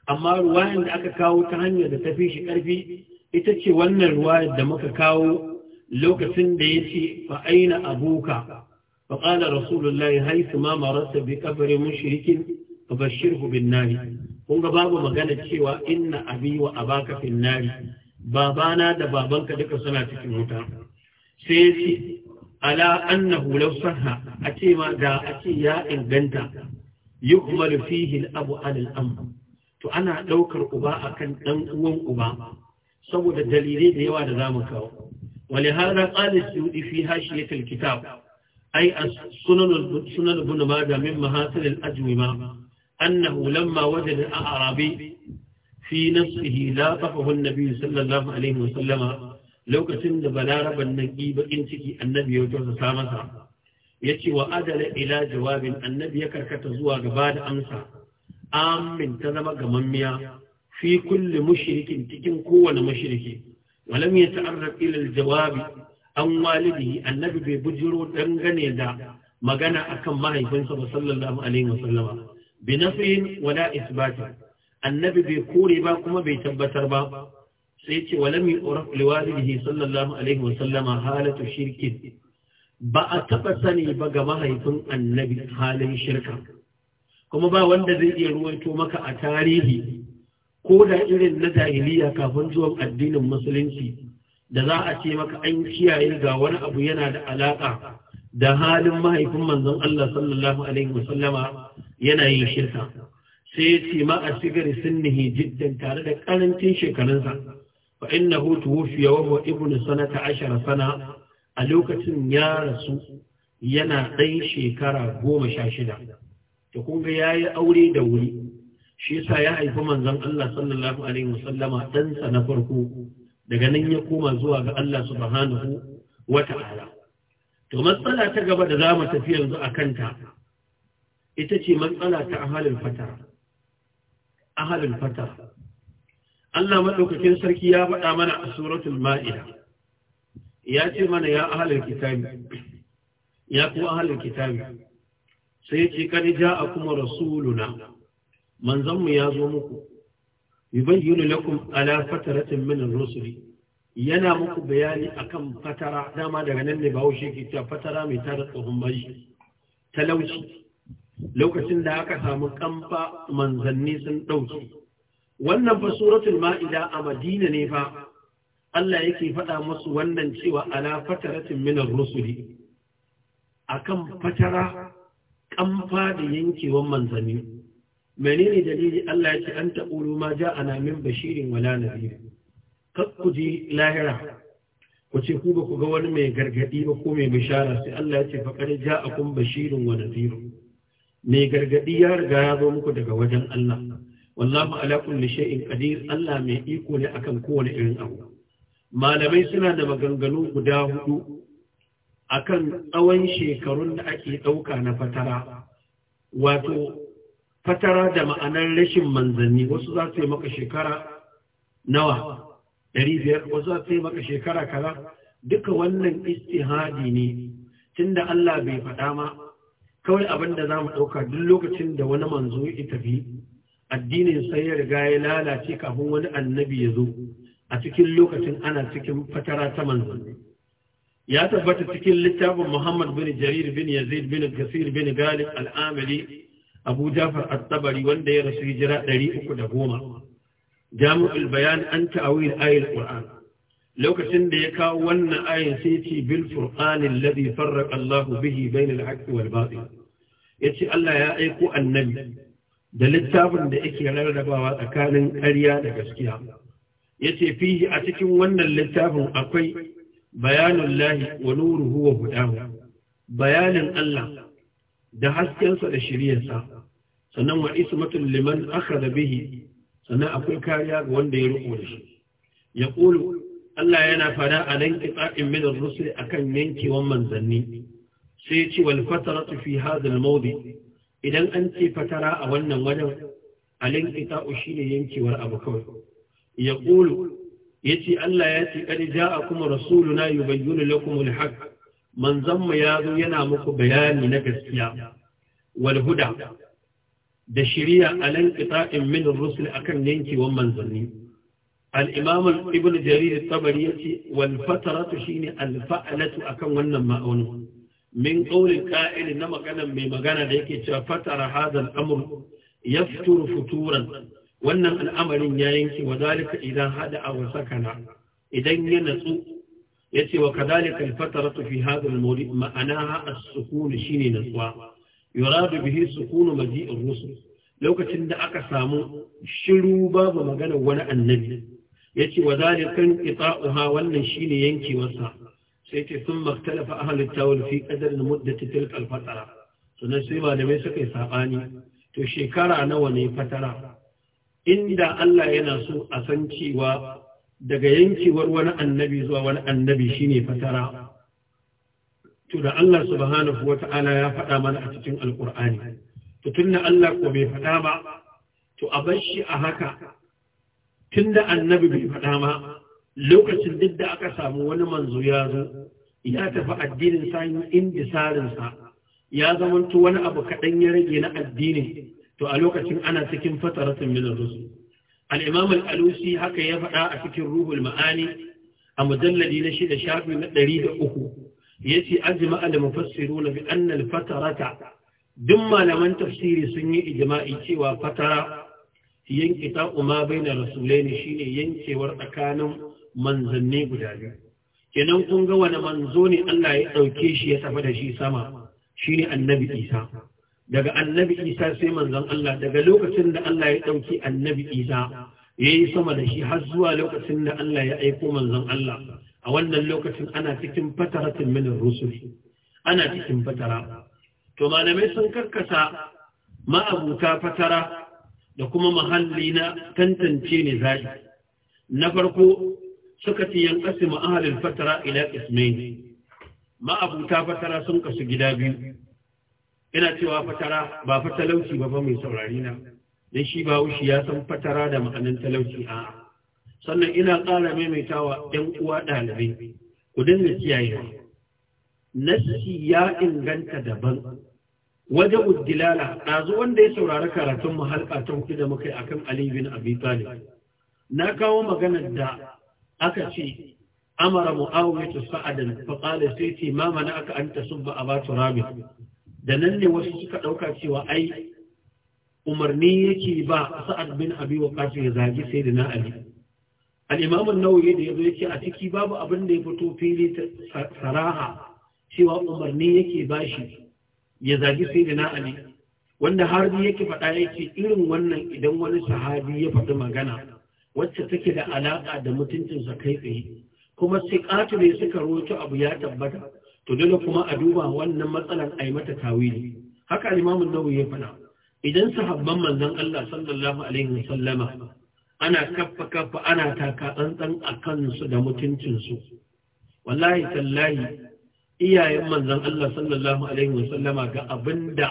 amma ruwayan da aka kawo ta hanyar da ta fi shi ƙarfi ita ce wannan ruwayar da muka kawo lokacin da ya ce fa aina abuka fa qala rasulullahi haythu ma marasa bi qabri mushrikin fabashirhu bin nari kun ga babu magana cewa inna abi wa abaka fin nari babana da babanka duka suna cikin wuta sai ce ala annahu law sahha a ce ma da a ce ya inganta yuhmalu fihi al-abu al-am to ana daukar uba akan dan uwan uba saboda dalilai da yawa da zamu kawo ولهذا قال السيوطي في هاشية الكتاب أي سنن سنن ابن min من محاسن الأجوبة أنه لما وجد الأعرابي في نفسه لا طفه النبي صلى الله عليه وسلم لو كسند بلارب النجيب إنسكي النبي وجوز سامسا يتي وأدل إلى جواب النبي يكركت زوا قبال أمسا آم من تذب قمميا في كل مشرك تكن قوة مشرك ولم يتعرض إلى الجواب an walidihi annabi bai bujiro dangane da magana akan mahaifinsa ba sallallahu alaihi wasallama bi wala isbatin annabi bai kore ba kuma bai tabbatar ba sai ce walam yu'raf liwalidihi sallallahu alaihi wa sallama halatu shirkin ba a taɓa sani ba ga mahaifin annabi halin shirka kuma ba wanda zai iya ruwaito maka a tarihi ko da irin na jahiliya kafin zuwan addinin musulunci da za a ce maka an kiyaye ga wani abu yana da alaƙa da halin mahaifin manzon Allah sallallahu alaihi wasallama yana yin shirka sai ya ce ma a sigari sunnihi jiddan tare da karancin shekarunsa fa hutu tuwfiya wa huwa ibnu sanata ashara sana a lokacin ya rasu yana ɗan shekara goma sha shida da kunga ya yi aure da wuri shi yasa ya haifi manzon Allah sallallahu alaihi wasallama ɗansa na farko daga nan ya koma zuwa ga Allah subhanahu wa ta'ala to matsala ta gaba da za mu tafi yanzu a kanta ita ce matsala ta ahalin fatara ahalin fatara Allah maɗaukakin sarki ya faɗa mana a suratul ma'ida ya ce mana ya ahalin kitabi ya ahalin kitabi sai ce kani ja a kuma rasuluna manzanmu ya zo muku yubayyinu lakum ala fataratin min rusuli yana muku bayani akan fatara dama daga nan ne ba ke cewa fatara mai tara tsohon bari talauci lokacin da aka samu kamfa manzanni sun ɗauki wannan fa suratul ma'ida a madina ne fa Allah yake faɗa musu wannan cewa ala fataratin minar rusuli akan fatara kamfa da yankewan manzanni menene dalili Allah yake an ta'ulu ma ja'ana min bashirin wala nadirin ji lahira ku ce ku ba ku ga wani mai gargadi ba ko mai bishara sai Allah ya ce faƙar ja a kun bashirin wa naziru mai gargadi ya riga ya zo muku daga wajen Allah wallahu ala kulli shay'in qadir Allah mai iko ne akan kowane irin abu malamai suna da maganganu guda hudu akan tsawon shekarun da ake ɗauka na fatara wato fatara da ma'anar rashin manzanni wasu za su yi maka shekara nawa ɗari biyar wasu za su maka shekara kaza duka wannan istihadi ne tunda Allah bai faɗa ma kawai abin da za mu ɗauka duk lokacin da wani manzo ya tafi addinin sai ya riga ya lalace kafin wani annabi ya zo a cikin lokacin ana cikin fatara ta manzo ya tabbata cikin littafin Muhammad bin Jarir bin Yazid bin Gasir bin Galib al-Amili Abu Jafar at-Tabari wanda ya rasu hijira 310 jami'ul bayan an ta'awil ayatul qur'an lokacin da ya kawo wannan ayin sai ce bil furqan alladhi farraqa Allah bihi bainal haqqi wal batil yace Allah ya aiko annabi da littafin da yake rarrabawa tsakanin ƙarya da gaskiya yace fihi a cikin wannan littafin akwai bayanul lahi wa nuruhu wa hudahu bayanin Allah da haskensa da shiriyarsa sannan wa ismatul liman akhadha bihi sannan akwai kariya ga wanda ya riko da shi ya ƙulu Allah yana fada a nan kitsa'in min rusul akan yankewan manzanni sai ce wal fataratu fi hadha mawdi idan an ce fatara a wannan wajen alin qita'u shine yankewar abu kawai ya ƙulu yace Allah ya ce a ja'akum rasuluna yubayyinu lakum al-haqq manzon mu ya zo yana muku bayani na gaskiya wal huda da shirya, alan qita'in min ar a akan yankewan manzanni alimam imam ibn jarir at yace wal fataratu shine al akan wannan ma'aunin min qawli qa'il na magana mai magana da yake cewa fatara hadal amur ya yafturu futuran wannan al'amarin ya yanke wa zalika idan hada aw kana, idan ya natsu yace wa kadhalika al-fataratu fi hadha al-mawdi ma'anaha as-sukun shine natsuwa yuradu bihi sukunu maji'ir rusul lokacin da aka samu shiru babu magana wani annabi yace wa zalikan qita'uha wannan shine yankewarsa sai ce sun maktalafa ahlul tawil fi qadar muddati tilka al-fatara sannan sai malamai suka yi sabani to shekara nawa ne fatara inda Allah yana so a san cewa daga yankewar wani annabi zuwa wani annabi shine fatara to da Allah subhanahu wata'ala ya faɗa mana a cikin alkur'ani to tunda Allah ko bai faɗa ba to a bar shi a haka tunda annabi bai faɗa ma lokacin duk da aka samu wani manzo ya zo ya tafi addinin sayin indisarinsa ya zamanto wani abu kaɗan ya rage na addinin to a lokacin ana cikin fataratun minar rusu al al'alusi haka ya faɗa a cikin ruhul ma'ani a mujalladi na shida shafi na ɗari da uku yace ajma al mufassiruna bi anna al fatarata duk malaman tafsiri sun yi ijma'i cewa fatara ta umma baina rasulaini shine yankewar tsakanin manzanni guda biyu kenan kun ga wani manzo ne Allah ya dauke shi ya tafi da shi sama shine annabi Isa daga annabi Isa sai manzon Allah daga lokacin da Allah ya dauki annabi Isa yayi sama da shi har zuwa lokacin da Allah ya aiko manzon Allah a wannan lokacin ana cikin fataratin min rusuli ana cikin fatara to malamai sun karkasa ma'abuta fatara da kuma mahalli na tantance ne zai na farko suka ce yan kasimu ahalin fatara ila ismain ma'abuta fatara sun kasu gida biyu ina cewa fatara ba fatalauci ba ba mai saurari na don shi ba ushi ya san fatara da ma'anin talauci a'a. sannan ina ƙara maimaitawa ‘yan uwa ɗalibai ku dinga kiyaye nassi ya inganta daban waje uddilala ɗazu wanda ya saurari karatun mu halka ta hudu da muka yi akan Ali bin Abi Talib na kawo maganar da aka ce amara mu'awiyatu sa'adan fa qala sayti ma mana aka an tasubba aba turabi da nan ne wasu suka dauka cewa ai umarni yake ba sa'ad bin abi waqas ya zagi sayyidina ali al'imamun nauyi da ya zo yake a ciki babu abin da ya fito fili saraha cewa umarni yake bashi ya zagi sai da na'ali wanda har yake faɗa yake irin wannan idan wani sahabi ya faɗi magana wacce take da alaƙa da mutuncinsa kai tsaye kuma sai ƙatule suka roci abu ya tabbata to dole kuma a duba wannan matsalar a yi mata tawili haka limamin nawawi ya faɗa idan sahabban manzon Allah sallallahu alaihi wasallama ana kaffa kaffa ana taka tsantsan a kansu da mutuncinsu wallahi tallahi iyayen manzan Allah sallallahu alaihi wasallama ga da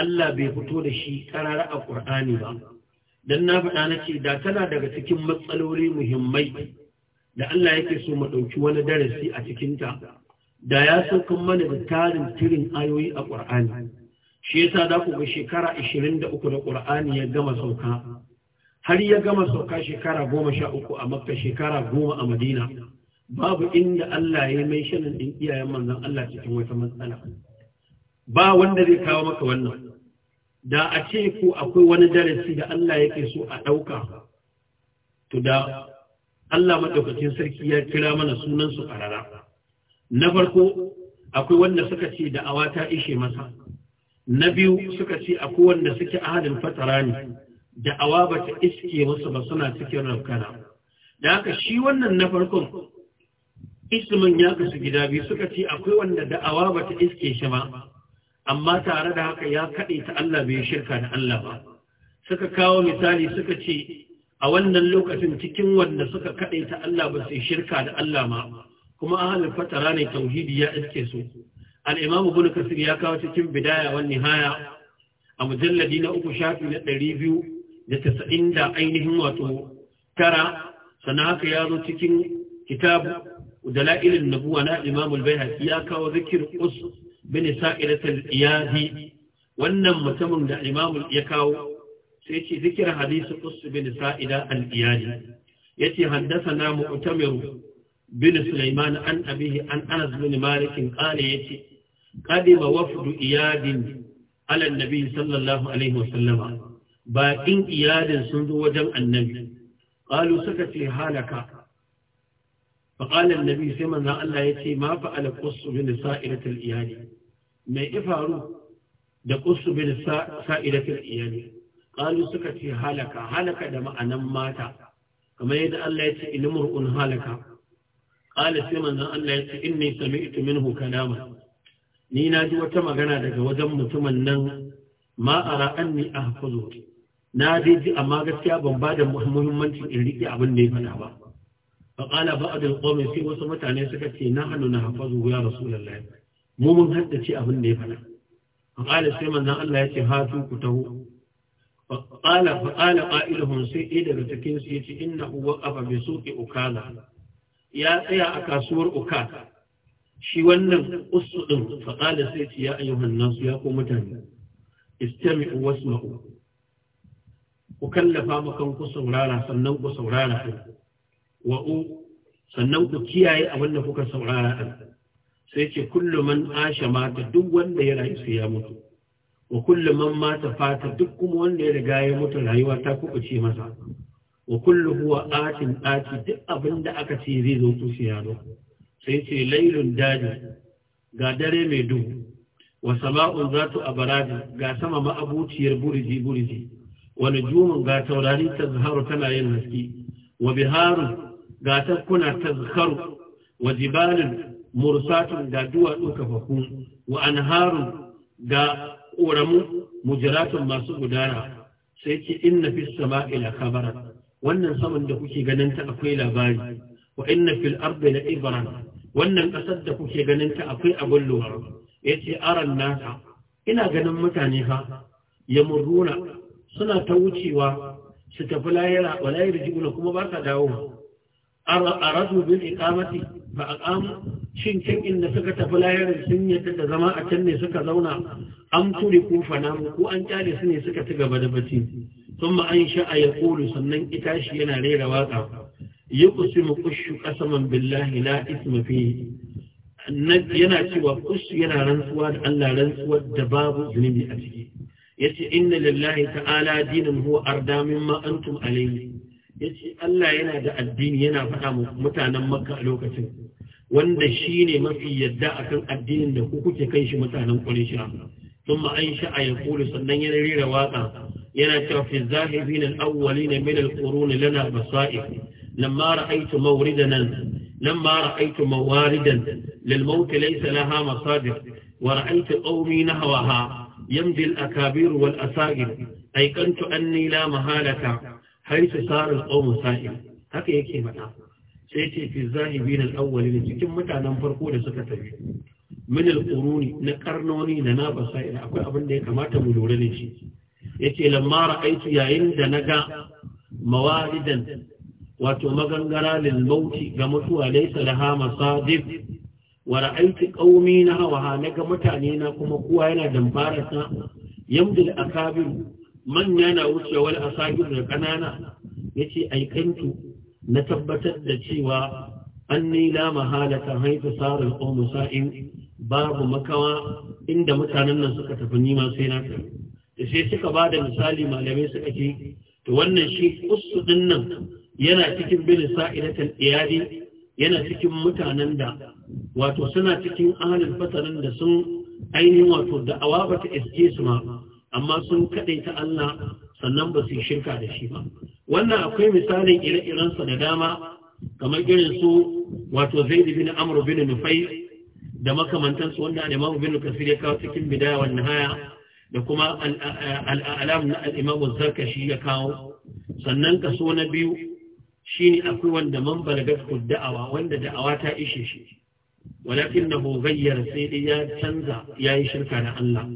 Allah bai fito da shi karara a ƙur'ani ba Don na faɗa na ce da tana daga cikin matsaloli muhimmai da Allah yake so mu ɗauki wani darasi a cikinta da ya saukan mana da tarin tirin ayoyi a ƙur'ani shi yasa za ku ga shekara 23 da ƙur'ani ya gama sauka har ya gama sauka shekara goma sha uku a makka shekara goma a madina babu inda Allah ya mai shanin ɗin iyayen manzan Allah cikin wata matsala ba wanda zai kawo maka wannan da a ce ko akwai wani darasi da Allah yake so a ɗauka to da Allah maɗaukacin sarki ya kira mana sunansu ƙarara na farko akwai wanda suka ce da'awa ta ishe masa na biyu suka ce akwai wanda suke ahadin fatara ne da awa ba ta iske musu ba suna cikin rafkana da haka shi wannan na farkon ismin ya kasu gida biyu suka ce akwai wanda da'awa ba ta iske shi ba amma tare da haka ya kaɗe ta Allah bai shirka da Allah ba suka kawo misali suka ce a wannan lokacin cikin wanda suka kaɗe ta Allah ba su shirka da Allah ma kuma ahalin fatara ne tauhidi ya iske su al'imam imam ibn kasir ya kawo cikin bidaya wan nihaya a mujalladi na uku shafi na ɗari biyu da tasa'in da ainihin wato tara sana haka ya zo cikin kitabu dala'ilin nabuwa na imamul bai ya kawo zikir us bin sa'iratul iyadi wannan mutumin da imamul ya kawo sai ce zikirin hadisi us bin sa'ida al-iyadi yace haddasa na mu'tamiru بن an عن أبيه عن أنس بن مالك قال يتي قدم iyadin إياد على النبي sallallahu alaihi wa sallama." baƙin iyalin sun zo wajen annabi ƙalu suka ce halaka faƙalar nabi sai manzan Allah ya ce ma fa'ala ƙusu bin sa'iratul iyali mai ifaru da ƙusu bin sa'iratul iyali ƙalu suka ce halaka halaka da ma'anan mata kamar yadda Allah ya ce ilimur un halaka Ƙalu sai manzan Allah ya ce inni sami'tu minhu kalama ni na ji wata magana daga wajen mutumin nan ma ara anni ahfazuhu na je ji amma gaskiya ban ba da muhimmancin in rike abin da ya faɗa ba fa qala ba'd al-qawmi sai wasu mutane suka ce na hannu na hafazu ya rasulullahi mu mun haddace abin da ya faɗa fa qala sai manzon Allah ya ce hatu ku taho fa qala fa qala qa'iluhum sai ɗaya daga cikin su yace inna waqafa bi suqi ukala ya tsaya a kasuwar ukala shi wannan usudin fa qala sai ya ayyuhan nasu ya ku mutane istami'u wasma'u ku kallafa makan ku saurara sannan ku saurara wa'u sannan ku kiyaye abin da kuka saurara ɗin sai ce kullum man asha mata duk wanda ya rayu sai ya mutu wa kullum man mata fata duk kuma wanda ya riga ya mutu rayuwa ta kuɓuce masa wa kullu huwa atin ati duk abinda aka ce zai zo ku sai ya zo sai ce lailun daji ga dare mai duhu wa sama'un zatu abaradi ga sama ma'abuciyar burji burji wani juman ga taurari ta zaharu tana yin haske wa biharu ga tafkuna ta zaharu wa jibalin mursatun ga duwatsu kafafu wa anharun ga ƙoramu mujiratun masu gudana sai ce inna fi sama'i la khabara wannan saman da kuke ganin ta akwai labari wa inna fil ardi la ibran wannan ƙasar da kuke ganin ta akwai abun lura yace aran nasa ina ganin mutane fa yamurruna suna ta wucewa su tafi layira wa layir jibula kuma ba sa dawo a rasu bin ikamati ba a kamu shin can inda suka tafi layirin sun yadda da zama a can ne suka zauna an ture ko fanamu ko an kyale su ne suka ci gaba da bacci sun ma an sha a ya kolu sannan ita shi yana rera waka ya kusi mu kushu kasaman billahi la isma fi yana cewa kusu yana rantsuwa da Allah rantsuwar da babu zunubi a ciki yace inna lillahi ta'ala dinin huwa ardamin ma'antun antum Ya yace Allah yana da addini yana faɗa mutanen Makka a lokacin wanda shine mafi yadda akan addinin da ku kuke kai shi mutanen Quraysha thumma aisha ayqulu sannan yana rera waƙa yana cewa fi zahibin al-awwalin min al-qurun lana basair lamma ra'aytu mawridana لما رأيت مواردا للموت ليس لها مصادر ورأيت قومي نهوها يمضي الأكابير والأسائل أيقنت أني لا مهالة حيث صار القوم سائل هكا يكي متى سيتي في الذاهبين الأولين كم متى ننفرقوا لسكتبين من القرون نقرنوني ننابا سائل أقول أبن ديك ما تمولون لنشي يتي لما رأيت يعين دنقا مواردا وتمغنغرا للموت كمتوا ليس لها مصادف wa ra'aytu ƙaumi na hawa ga mutane na kuma kowa yana dambara ta yamdul akabir manya na wucewa wal asagir da ya ce aikantu na tabbatar da cewa an la mahalata ta sar al qawmu sa'in babu makawa inda mutanen nan suka tafi nima sai na tafi sai suka ba da misali malamai suka ce to wannan shi usu din nan yana cikin bin sa'idatul iyadi yana cikin mutanen da wato suna cikin ahalin fasarin da sun ainihin wato da awa ba ta iske su ma amma sun ta Allah sannan ba su yi shirka da shi ba wannan akwai misalin ire-irensa da dama kamar irin su wato zai bin amur bin nufai da makamantansu wanda al'imam bin kasir ya kawo cikin bidaya wa nihaya da kuma al'alam na al'imam zarkashi ya kawo sannan kaso na biyu shine akwai wanda man balagatku da'awa wanda da'awa ta ishe shi walakin na gayyar sai dai ya canza ya yi shirka da Allah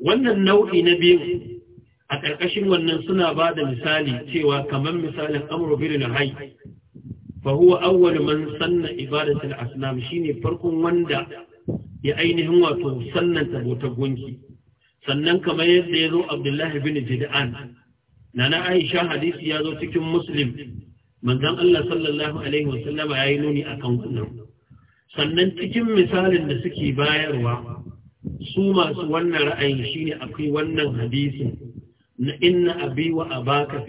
wannan nau'i na biyu a ƙarƙashin wannan suna ba da misali cewa kamar misalin amru bil Hai. fa huwa awwal man sanna ibadatul asnam shine farkon wanda ya ainihin wato sannan tabota gunki sannan kamar yadda ya zo Abdullahi bin Jid'an nana Aisha hadisi ya zo cikin Muslim manzan Allah sallallahu alaihi wasallam ya yi nuni akan wannan sannan cikin misalin da suke bayarwa su masu wannan ra'ayin shine akwai wannan hadisin na inna abi wa abaka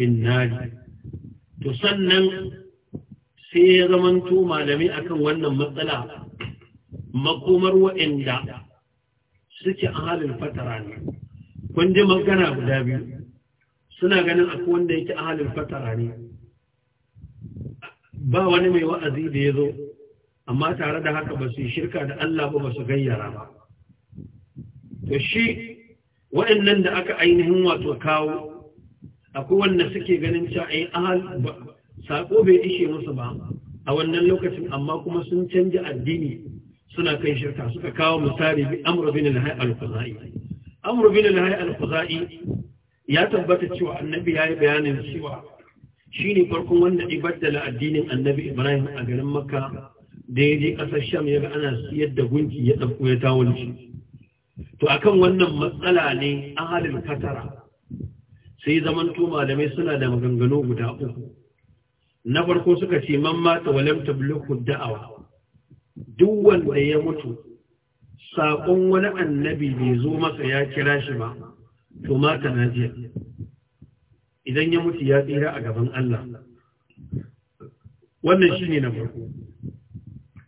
to sannan sai ya zamanto malami akan wannan matsala makomar wa'inda suke a halin fatara ne kun ji magana guda biyu suna ganin akwai wanda yake a halin fatara ne ba wani mai wa'azi da ya zo amma tare da haka ba su yi shirka da Allah ba ba su gayyara ba to shi waɗannan da aka ainihin wato kawo akwai wanda suke ganin cewa eh, ahal saƙo bai ishe musu ba a wannan lokacin amma kuma sun canja addini suna kai shirka suka kawo misali bi amru bin ya tabbata cewa annabi ya yi bayanin cewa shi ne farkon wanda ibaddala addinin annabi ibrahim a garin makka da ya je ƙasar sham ya ga ana siyar da gunki ya ɗauko ya tawulci to akan wannan matsala ne ahalin katara sai zamanto malamai suna da maganganu guda uku na farko suka ce man mata walam tablughu da'awa duk wanda ya mutu saƙon wani annabi bai zo masa ya kira shi ba to mata najiya idan ya mutu ya tsira a gaban Allah wannan shine na farko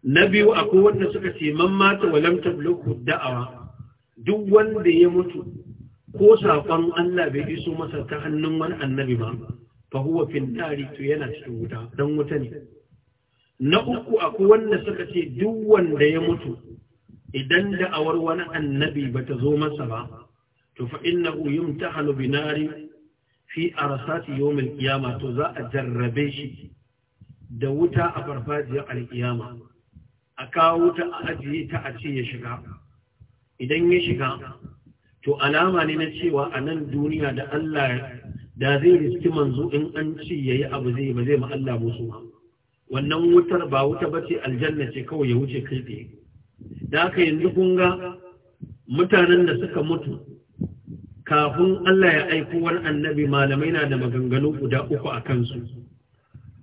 na biyu akwai wanda suka ce man mata walam tablughu da'awa duk wanda ya mutu ko saƙon Allah bai iso masa ta hannun wani annabi ba fa huwa fil nari to yana cikin wuta don wuta ne na uku akwai wanda suka ce duk wanda ya mutu idan da'awar wani annabi bata zo masa ba to fa ta yumtahanu binari fi arsati yawmil kiyama to za a jarrabe shi da wuta a farfajiyar alkiyama a kawo wuta a ajiye ta a ce ya shiga idan ya shiga to alama ne na cewa a nan duniya da Allah da zai riski manzo in an ci yayi abu zai ba zai ma Allah musu wannan wutar ba wuta bace aljanna ce kawai ya wuce kai da haka yanzu kun ga mutanen da suka mutu kafin Allah ya aiko wani annabi malamai na da maganganu guda uku a kansu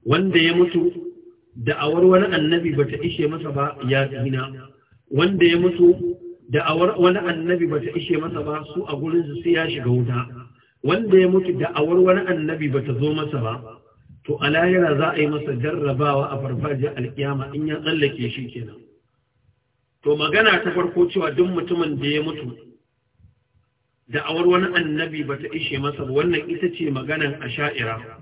wanda ya mutu da'awar wani annabi ba ta ishe masa ba ya zina wanda ya mutu da'awar wani annabi ba ta ishe masa ba su a gurinsu su ya shiga wuta wanda ya mutu da'awar wani annabi ba ta zo masa ba to a lahira za a yi masa jarrabawa a farfajiyar alkiyama in ya tsallake shi kenan to magana ta farko cewa duk mutumin da ya mutu da'awar wani annabi ba ta ishe masa wannan ita ce maganan a sha'ira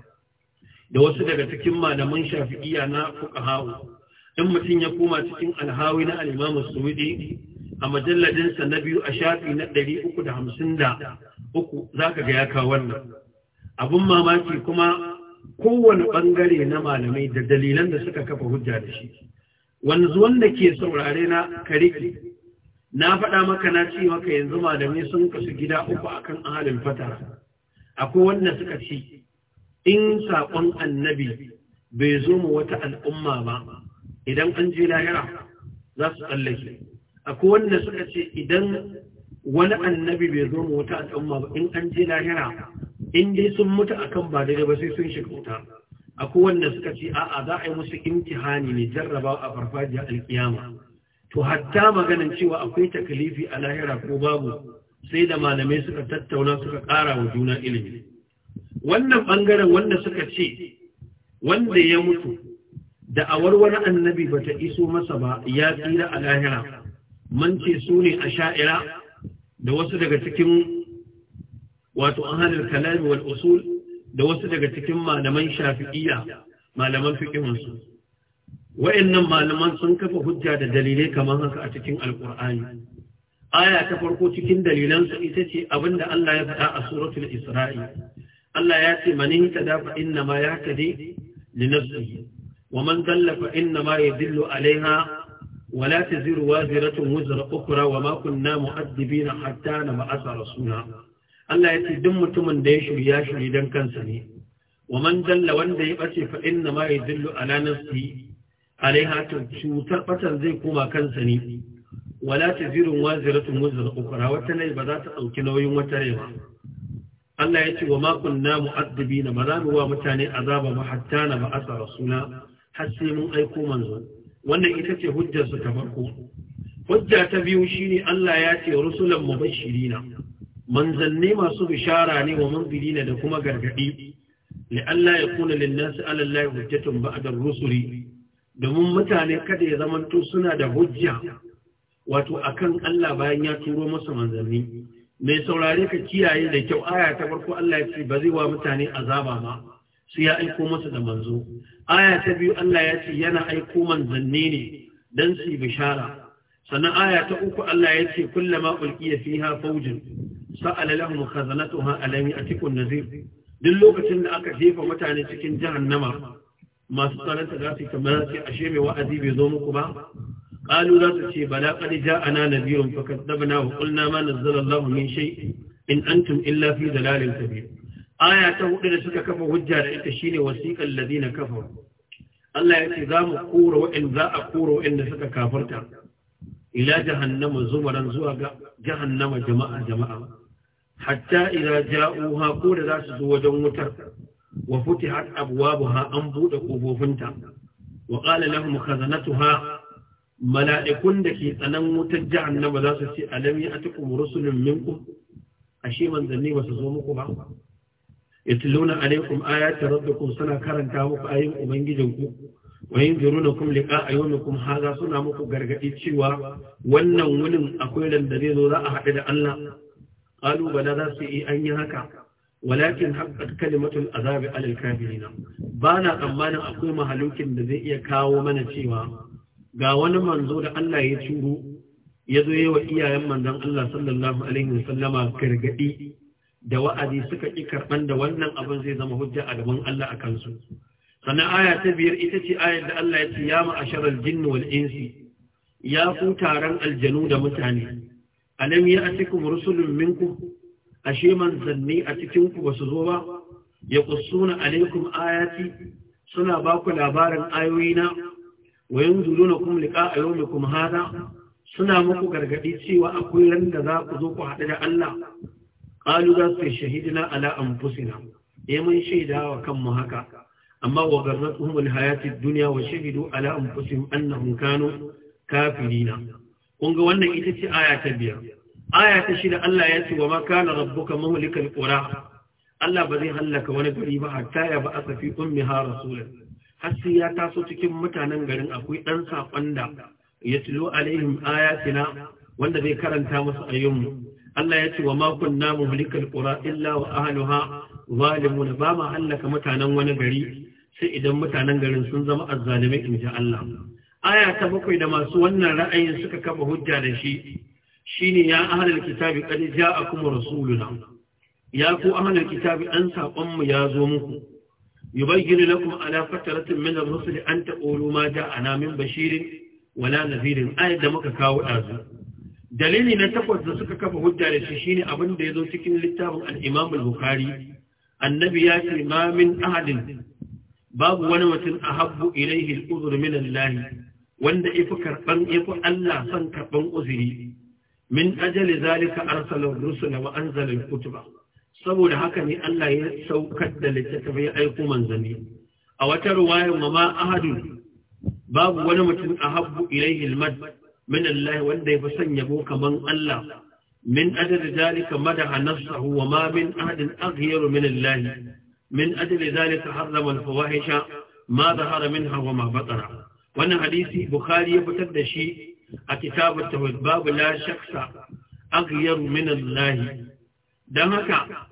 da wasu daga cikin malaman shafi'iyya na fuqahawu in mutum ya koma cikin alhawi na al-Imam Suwidi a majalladin sa na biyu a shafi na 353 zaka ga ya kawo wannan abun mamaki kuma kowane bangare na malamai da dalilan da suka kafa hujja da shi wanzu wanda ke saurare na kariki na faɗa maka na ce maka yanzu malamai sun kasu gida uku akan ahalin fata akwai wanda suka ce in saƙon annabi bai zo mu wata al'umma ba idan an je lahira za su tsallake akwai wanda suka ce idan wani annabi bai zo mu wata al'umma ba in an je lahira in dai sun mutu akan ba daidai ba sai sun shiga wuta akwai wanda suka ce a'a za a yi musu imtihani ne jarrabawa a farfajiyar alkiyama to hatta maganin cewa akwai takalifi a lahira ko babu sai da malamai suka tattauna suka ƙara wa juna ilimi wannan ɓangaren wanda suka ce wanda ya mutu da awar wani annabi bata iso masa ba ya tsira a lahira man ce su ne a sha'ira da wasu daga cikin wato an halar wal usul da wasu daga cikin malaman shafi'iyya malaman fiƙihunsu wa'annan malaman sun kafa hujja da dalilai kamar haka a cikin alkur'ani aya ta farko cikin dalilansa ita ce abinda Allah ya faɗa a suratul isra'i Allah ya ce man ihtada fa inna ma yahtadi li nafsihi wa man dalla fa inna ma yadillu alaiha wa la taziru waziratun wizra ukhra wa ma kunna mu'addibina hatta nab'atha rasula Allah ya ce duk mutumin da ya shirya shiri dan kansa ne wa man dalla wanda ya bace fa inna ma ala nafsihi alaiha to cutar batan zai koma kansa ne wala tazirun waziratun wazira ukra wata ne ba za ta dauki nauyin wata rai ba Allah ya ce wa ma kunna na ba za mu wa mutane azaba ba hatta na ba asa rasula har sai mun aiko manzo wannan ita ce hujjar su ta farko hujja ta biyu shine Allah ya ce rusulan mubashirina manzanne masu bishara ne wa munzirina da kuma gargadi لئلا يكون للناس على الله حجة بعد rusuri? domin mutane kada ya zamanto suna da hujja wato akan Allah bayan ya turo masa manzanni mai saurare ka kiyaye da kyau aya ta farko Allah ya ce ba zai wa mutane azaba ba su ya aiko masa da manzo aya ta biyu Allah ya ce yana aiko manzanni ne dan su bishara sannan aya ta uku Allah ya ce kullama ulqiya fiha fawjun sa'ala lahum khazanatuha alam yatikun nazir duk lokacin da aka jefa mutane cikin jahannama masu tsananta za su yi kamar sai ashe mai wa'azi bai zo muku ba Ƙalu za su ce bala qad ja'ana nabiyun fakadzabna wa qulna ma nazzala Allahu min shai. in antum illa fi dalalin biyu. aya ta hudu da suka kafa hujja da ita shine wasiqal ladina kafa. Allah ya ce za mu kora wa'in za a kora da suka kafarta ila jahannama zumaran zuwa ga jahannama jama'a jama'a hatta ila ja'uha ko da za su zo wajen wutar wa futihat abwabuha an bude kofofinta wa qala lahum khazanatuha mala'ikun da ke tsanan wutar jahannama za su ce alam ya'tikum rusulun minkum ashe manzanni ba su zo muku ba yatluna alaikum ayati rabbikum suna karanta muku ayoyin ubangijinku wa yunzirunakum liqa'a yawmikum haza, suna muku gargadi cewa wannan wunin akwai ran da za a haɗu da Allah qalu bala za su yi an yi haka walakin haqqat kalimatul azabe alal kafirin bana tsammanin akwai mahalukin da zai iya kawo mana cewa ga wani manzo da Allah ya turo ya zo yawa iyayen manzon Allah sallallahu alaihi wasallama gargadi da wa'azi suka ki karban da wannan abin zai zama hujja a gaban Allah a kansu sannan aya ta biyar ita ce ayar da Allah ya ce ya ma'asharal jinni wal insi ya fi taron aljanu da mutane alam ya atikum rusulun minkum ashe manzanni a cikin ku basu zo ba ya qussuna alaikum ayati suna ba ku labarin na wa kum liqa'a yawmikum hada suna muku gargadi cewa akwai ran da za ku zo ku haɗu da Allah qalu za su shahidina ala anfusina eh mun shaida wa kanmu haka amma wa garratuhum alhayati dunya wa shahidu ala anfusihim annahum kanu kafirina kun ga wannan ita ce aya ta biyar aya ta shida Allah ya ce wa ma kana rabbuka muhlikal qura Allah ba zai hallaka wani gari ba hatta ya ba aka fi ummiha rasulan har sai ya taso cikin mutanen garin akwai dan sakon da ya tilo alaihim ayatina wanda zai karanta musu ayyun Allah ya ce wa ma kunna muhlikal qura illa wa ahliha zalimun ba ma hallaka mutanen wani gari sai idan mutanen garin sun zama azzalimai in ji Allah aya ta bakwai da masu wannan ra'ayin suka kafa hujja da shi shine ya ahlul kitabi qad ja'akum rasuluna ya ku ahlul kitabi an sakon mu ya zo muku yubayyin lakum ala fatratin min ar-rusul an taqulu ma ja'ana min bashirin wala nadhirin ayat da muka kawo dazu dalili na takwas da suka kafa hujja da shi shine abin da yazo cikin littafin al-Imam al-Bukhari annabi ya ce ma min ahadin babu wani mutum ahabbu ilayhi al-udhr min Allah wanda ifi karban ifi Allah san karban uzuri min ajali zalika arsalar rusula wa anzalal kutuba saboda haka ne Allah ya saukar da littattafai ya aiko manzanni a wata ruwayar ma ahadun babu wani mutum a habbu ilaihi almad min Allah wanda ya fi son yabo kaman Allah min adad zalika madaha nafsahu wa ma min ahadin aghyaru min Allah min adad zalika harrama alfawahisha ma zahara minha wa ma batara wannan hadisi bukhari ya fitar da shi a kitabar tawhid babu la shakka aghyar min Allah dan haka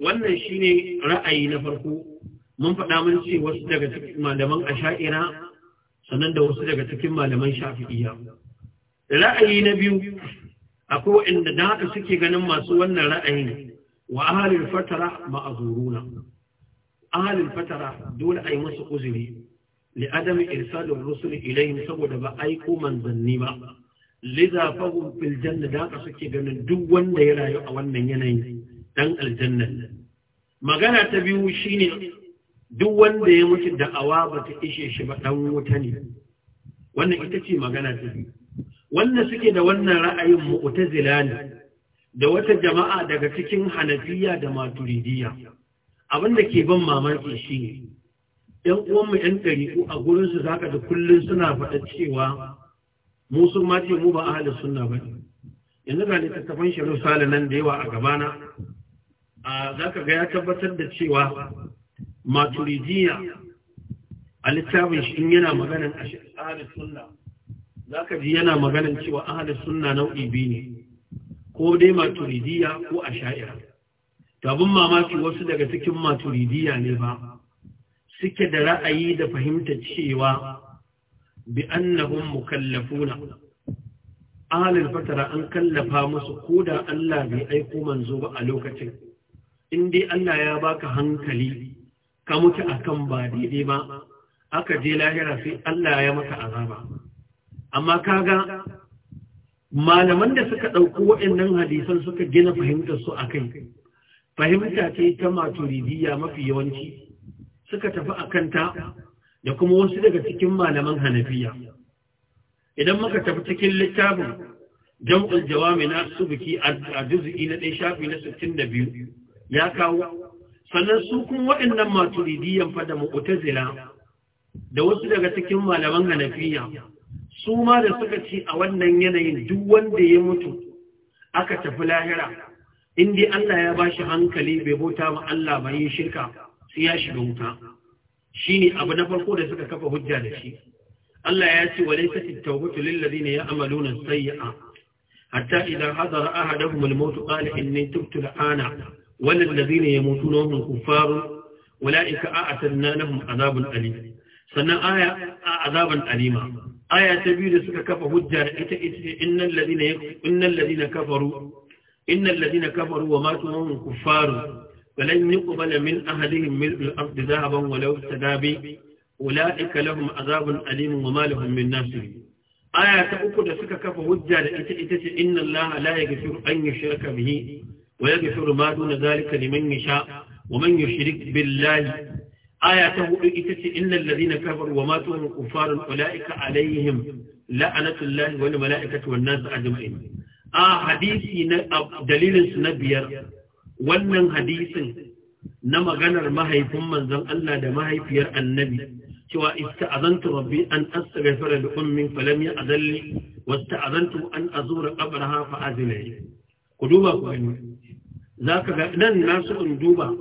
wannan shine ra'ayi na farko mun faɗa mun ce wasu daga cikin malaman asha'ira sannan da wasu daga cikin malaman shafi'iyya ra'ayi na biyu akwai waɗanda da haka suke ganin masu wannan ra'ayin wa ahalin fatara ma'azuruna ahalin fatara dole a yi musu uzuri li adam irsalur rusul ilayhim saboda ba aiko manzanni ba liza fahum fil janna da suke ganin duk wanda ya rayu a wannan yanayin dan aljanna magana ta biyu shine duk wanda ya mutu da awa ba ishe shi ba dan wuta ne wannan ita ce magana ta biyu wanda suke da wannan ra'ayin Uta ne da wata jama'a daga cikin hanafiya da maturidiyya abin da ke ban mamaki shine yan uwanmu yan ko a gurinsu za ka da kullum suna faɗa cewa mu sun ma ce mu ba ahalin sunna ba ne yanzu ga littattafan shirin sale nan da yawa a gabana a za ka ga ya tabbatar da cewa maturidiya a littafin shi in yana maganin ahalin sunna za ka ji yana maganin cewa ahalin sunna nau'i biyu ne ko dai maturidiyya ko a sha'ira tabin mamaki wasu daga cikin maturidiya ne ba suke da ra'ayi da fahimta cewa bi annahum mukallafuna ahlul fatara an kallafa musu da Allah bai aiko manzo ba a lokacin in Allah ya baka hankali ka mutu akan ba daidai ba aka je lahira sai Allah ya maka azaba amma kaga malaman da suka ɗauko waɗannan hadisan suka gina fahimtar su akai fahimta ce ta maturidiyya mafi yawanci suka tafi a kanta da kuma wasu daga cikin malaman hanafiya idan muka tafi cikin littafin jam'ul jawami na subuki a juzu'i na ɗaya shafi na sittin da biyu ya kawo sannan su kun waɗannan maturidiyan fa da mu'tazila da wasu daga cikin malaman hanafiya su ma da suka ce a wannan yanayin duk wanda ya mutu aka tafi lahira in dai Allah ya ba shi hankali bai bauta ma Allah bai yi shirka sai ya shiga wuta ne abu na farko da suka kafa hujja da shi Allah ya ce Wale walaysa at-tawbatu lil ya ya'maluna as-sayyi'a hatta idha hadara ahaduhum al-maut qala inni tubtu al-ana wal ladina yamutuna hum kuffar ulaika a'tadna lahum adhabun alim sannan aya azaban alima aya ta biyu da suka kafa hujja da ita ita innal ladina innal ladina kafaru innal ladina kafaru wa matu hum kuffarun فلن يقبل من أحدهم ملء الأرض ذهبا ولو افتدى به أولئك لهم عذاب أليم وما لهم من ناصر آية تأكد سكا كف هجة لإتئتة إن الله لا يغفر أن يشرك به ويغفر ما دون ذلك لمن يشاء ومن يشرك بالله آية تأكد إن الذين كفروا وماتوا من كفار أولئك عليهم لعنة الله والملائكة والناس أجمعين آه حديثي دليل سنبير wannan hadisin na maganar mahaifin manzon Allah da mahaifiyar annabi cewa ista'azantu rabbi an astaghfira li ummi falam ya'dalli wasta'azantu an azura qabraha fa azilai ku duba ku gani zaka ga nan na su in duba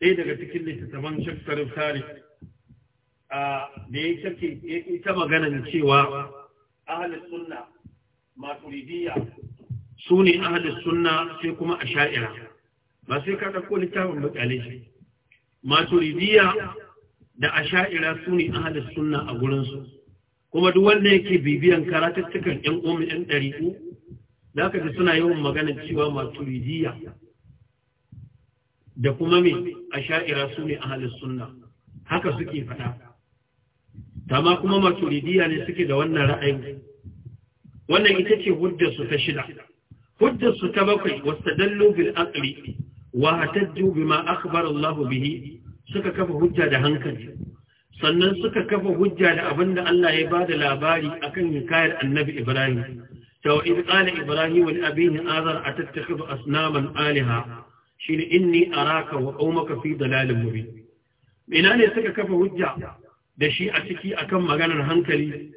ɗaya daga cikin littattafan shakkar tarihi a da ya take ita maganar cewa ahlus sunna maturidiyya su ne ahlus sunna sai kuma asha'ira ba sai ka ɗauko littafin makyale shi maturidiya da asha'ira su ne ahalin sunna a gurinsu kuma duk wanda yake bibiyan karatattukan yan uwan yan ɗari'u za ka ji suna yawan maganar cewa maturidiya da kuma me asha'ira su ne ahalin sunna haka suke faɗa Tama kuma maturidiya ne suke da wannan ra'ayin wannan ita ce hujjarsu ta shida hujjarsu ta bakwai wasu dallo bil aqli wa hatajju bima akhbara Allah bihi suka kafa hujja da hankali sannan suka kafa hujja da abinda Allah ya bada labari akan hikayar Annabi Ibrahim to in qala Ibrahim wa abihi azar atattakhidhu asnaman alaha shine inni araka wa qaumaka fi dalalin mubin ina ne suka kafa hujja da shi a ciki akan maganar hankali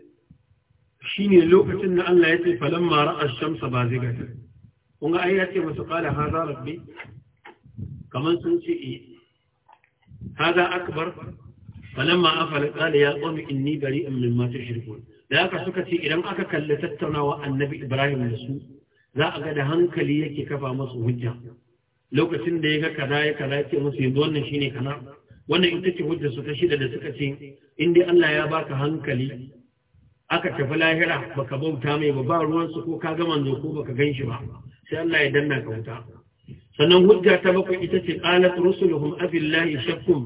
shine lokacin da Allah ya ce falamma ra'a ash-shamsa bazighatan kun ga ai ce musu qala hadha rabbi kamar sun ce e eh, haza akbar falamma afala qala ya qawmi inni bari'un mimma tushrikun da aka suka ce idan aka kalli tattaunawa annabi Ibrahim da su za a ga da hankali yake kafa masu hujja lokacin da ya ga kaza ya kaza ya ce musu yanzu wannan shine kana wannan ita ce hujjar su ta shida da suka ce in dai Allah ya baka hankali aka tafi lahira baka bauta mai ba ba ruwan su ko ka ga manzo ko baka gan shi ba sai Allah ya danna ka wuta sannan hujja ta bakwai ita ce qalat rusuluhum abillahi shakkum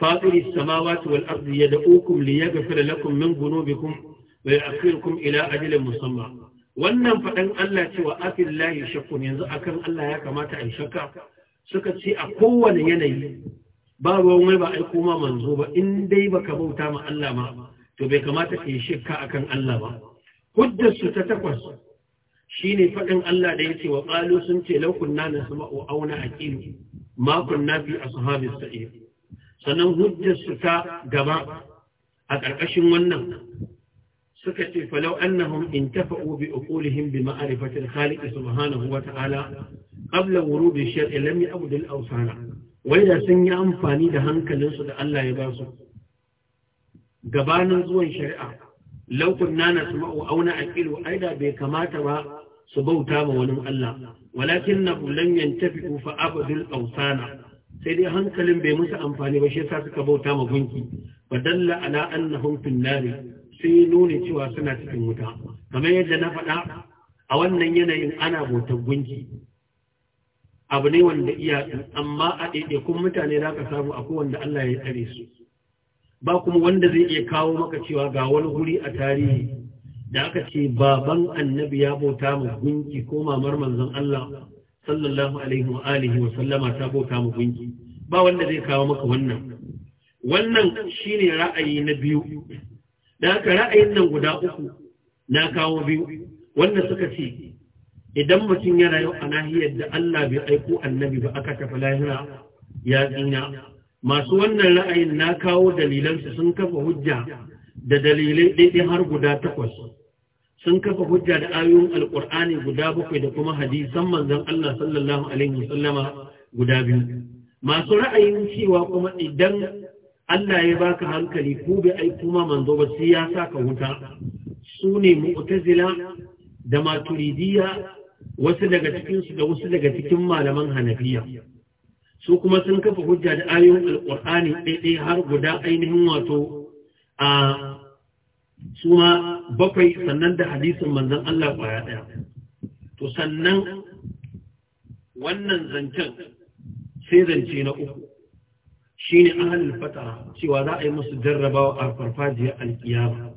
fatiri samawati wal ardi yad'ukum liyaghfir lakum min dhunubikum wa yu'akhirukum ila ajalin musamma wannan fadan Allah cewa abillahi shakkun yanzu akan Allah ya kamata a shakka suka ce a kowane yanayi ba ruwan ba aiko ma manzo ba in dai baka bauta ma Allah ma to bai kamata ka yi shakka akan Allah ba hujjar su ta takwas shi ne faɗin Allah da yake wa ƙalu sun ce laukunna na sama auna a ƙilu makon na fi a sahabis sa'ir sannan hujjar ta gaba a ƙarƙashin wannan suka ce falau annahum in tafa'u bi uqulihim bi ma'rifatil khaliq subhanahu wa ta'ala qabla wurud ash-shar'i lam ya'bud al wai da sun yi amfani da hankalinsu da Allah ya ba su gabanin zuwan shari'a laukun na na sama'u auna aida bai kamata ba su bauta ma wani Allah walakin na lam yantafi fa abadul awsana sai dai hankalin bai musu amfani ba shi yasa suka bauta ma gunki Ba dalla ala annahum fil nar sai nuna cewa suna cikin wuta kamar yadda na faɗa a wannan yanayin ana bautar gunki abu ne wanda iya amma a ɗaiɗaikun mutane za ka samu akwai wanda Allah ya tsare su ba kuma wanda zai iya kawo maka cewa ga wani guri a tarihi da aka ce baban annabi ya bauta mu gunki ko mamar manzon Allah sallallahu alaihi wa alihi wa sallama ta bauta mu gunki ba wanda zai kawo maka wannan wannan shine ra'ayi na biyu da aka ra'ayin nan guda uku na kawo biyu wanda suka ce idan mutum ya rayu a nahiyar da Allah bai aiko annabi ba aka tafi lahira ya tsina masu wannan ra'ayin na kawo dalilansu sun kafa hujja da dalilai ɗaiɗai har guda takwas sun kafa hujja da ayoyin alkur'ani guda bakwai da kuma hadisan manzon Allah sallallahu alaihi wasallama guda biyu masu ra'ayin cewa kuma idan Allah ya baka hankali ko bai ai kuma manzo ba sai ya saka wuta su ne mu'tazila da maturidiyya wasu daga cikin su da wasu daga cikin malaman hanafiya su kuma sun kafa hujja da ayoyin alkur'ani ɗaiɗai har guda ainihin wato a Suma bakwai sannan da hadisin manzan Allah kwaya ɗaya. To sannan wannan zancen sai zance na uku shi ne ahalin fata cewa za a yi musu jarrabawa a farfajiyar alkiyama.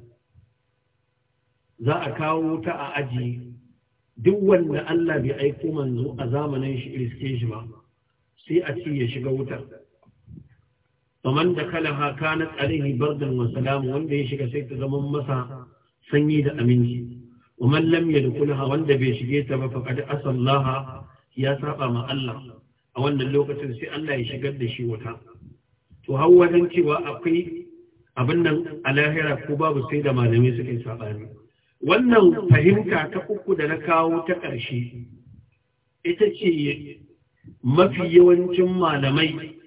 Za a kawo ta a aji duk wanda Allah bai aiko manzo a zamanin shi iriske shi ba sai a ci ya shiga wutar. faman da kalaha kanat alaihi bardan wa salamu wanda ya shiga sai ta zama masa sanyi da aminci wa lamya da yadkhulha wanda bai shiga ta ba faqad asallaha ya saba ma Allah a wannan lokacin sai Allah ya shigar da shi wuta to hau wajen cewa akwai abin nan a lahira ko babu sai da malamai suke yi sabani wannan fahimta ta uku da na kawo ta ƙarshe ita ce mafi yawancin malamai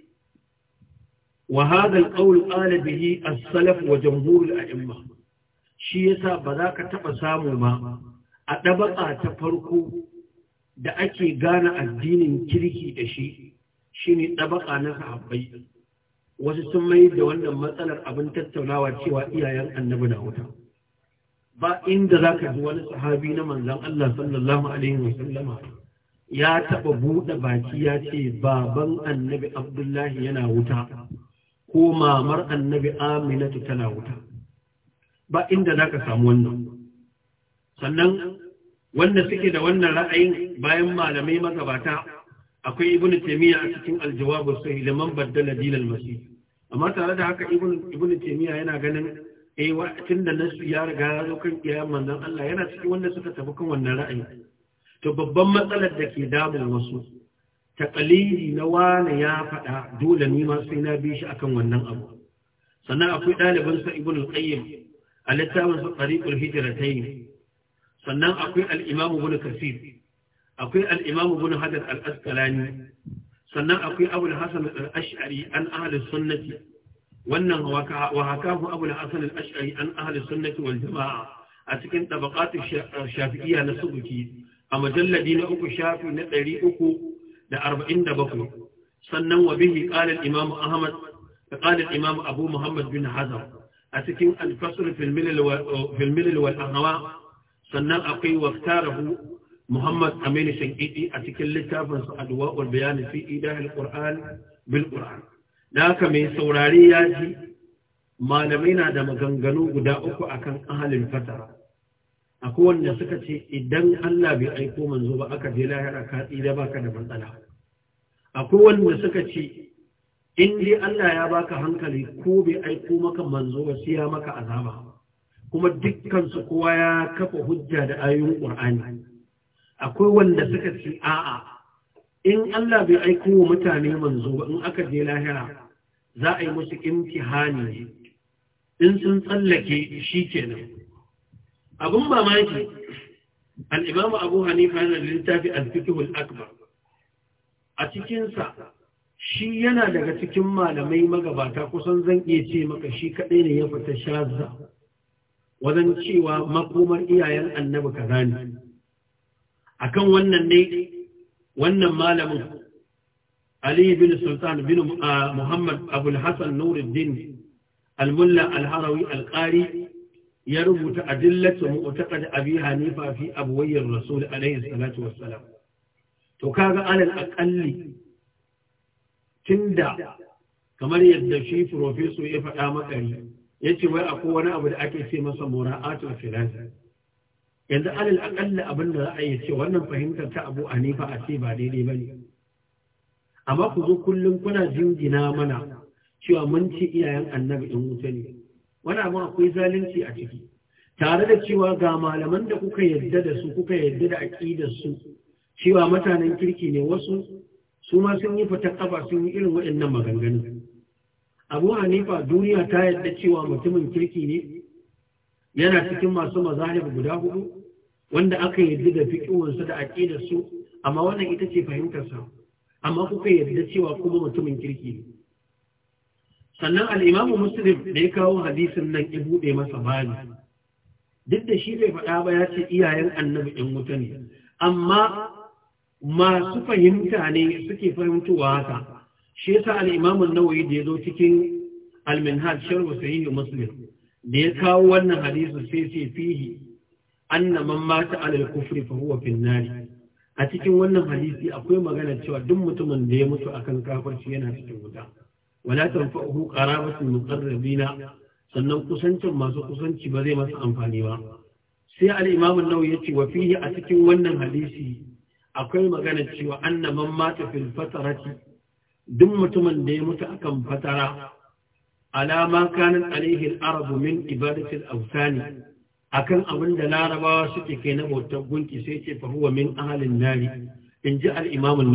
وهذا القول قال به السلف وجمهور الأئمة shi yasa ba za ka taɓa samu ba. a ɗabaƙa ta farko da ake gane addinin kirki da shi shi ne ɗabaƙa na sahabbai wasu sun mai da wannan matsalar abin tattaunawa cewa iyayen annabi na wuta ba inda za ka ji wani sahabi na manzan Allah sallallahu alaihi wa sallama ya taɓa buɗe baki ya ce baban annabi abdullahi yana wuta ko mamar annabi aminatu tana wuta ba inda za ka samu wannan sannan wanda suke da wannan ra'ayin bayan malamai magabata akwai ibn taymiya a cikin aljawabu sai liman baddala dinal masih amma tare da haka ibn ibn yana ganin eh wa tunda nasu ya riga ya zo kan kiyayen manzon Allah yana cikin wanda suka tafi kan wannan ra'ayi to babban matsalar da ke damun wasu taƙalili na wane ya faɗa dole ni ma sai na bi shi akan wannan abu sannan akwai ɗalibansa ibn al-qayyim a littafin sa tariqul hijratayn sannan akwai al-imam ibn kasir akwai al-imam ibn hadar al-asqalani sannan akwai abul hasan al-ash'ari an ahli sunnati wannan wa abu abul hasan al-ash'ari an ahli sunnati wal jama'a a cikin tabaqat shafi'iyya na subuki a majalladi na uku shafi na ɗari uku da arba'in da bakwai sannan wa bihi ƙalar imamu ahmad da ƙalar imamu abu muhammad bin hazam a cikin alfasar filmilil wal ahawa sannan akwai waktarahu muhammad aminu shankiti a cikin littafin littafinsa addu'a wal bayani fi idahil qur'an bil ƙur'an. da haka mai saurare ya ji malamai na da maganganu guda uku akan ahalin fatara akwai wanda suka ce idan Allah bai aiko manzo ba aka je lahira ka tsira baka da matsala akwai wanda suka ce in dai Allah ya baka hankali ko bai aiko maka manzo ba sai ya maka azaba kuma dukkan su kowa ya kafa hujja da ayoyin Qur'ani akwai wanda suka ce a'a in Allah bai aiko wa mutane manzo ba in aka je lahira za a yi musu imtihani in sun tsallake shi kenan abun mamaki al'imamu abu hanifa yana da littafi alfikihul akbar a cikinsa shi yana daga cikin malamai magabata kusan zan iya ce maka shi kaɗai ne ya fita shaza, wajen cewa makomar iyayen annabi kaza ne akan wannan ne wannan malamin Ali bin Sultan bin ah, Muhammad Abul Hassan Nuruddin Al-Mulla Al-Harawi Al-Qari ya rubuta adillatu mu'taqad abi hanifa fi abwayir rasul alaihi salatu wassalam to kaga alal aqalli tunda kamar yadda shi professor ya faɗa maka ne yace wai akwai wani abu da ake ce masa mura'atul filan yanzu alal aqalli abin da za a yi ce wannan fahimtar ta Abu Hanifa a ce ba daidai bane amma ku zo kullum kuna jingina mana cewa mun ci iyayen annabi in wuta ne wani abu akwai zalunci a ciki tare da cewa ga malaman da kuka yarda da su kuka yarda da aƙidar su cewa mutanen kirki ne wasu su ma sun yi fata kafa sun yi irin waɗannan maganganu abu hanifa duniya ta yarda cewa mutumin kirki ne yana cikin masu mazahib guda hudu wanda aka yarda da fiƙiwansu da aƙidar su amma wannan ita ce fahimtarsa amma kuka yarda cewa kuma mutumin kirki ne sannan al'imamu muslim da ya kawo hadisin nan ya buɗe masa bani duk da shi bai faɗa ba ya ce iyayen annabi ɗin wuta ne amma masu fahimta ne suke fahimtowa haka shi yasa al'imamu nawayi da ya zo cikin alminhaj sharwa sahihi muslim da ya kawo wannan hadisin sai sai fihi anna man mata alal kufri fa huwa finnari a cikin wannan hadisi akwai magana cewa duk mutumin da ya mutu akan kafirci yana cikin wuta wala tanfa'uhu qarabatul muqarrabina sannan kusancin masu kusanci ba zai masa amfani ba sai al-imam an-nawawi yace wa fihi a cikin wannan hadisi akwai magana cewa anna man mata fatarati duk mutumin da ya mutu akan fatara alama kanan alaihi arabu min ibadati al akan abin da larabawa suke kai na bautar gunki sai ce fa huwa min ahalin nari in ji al-imam an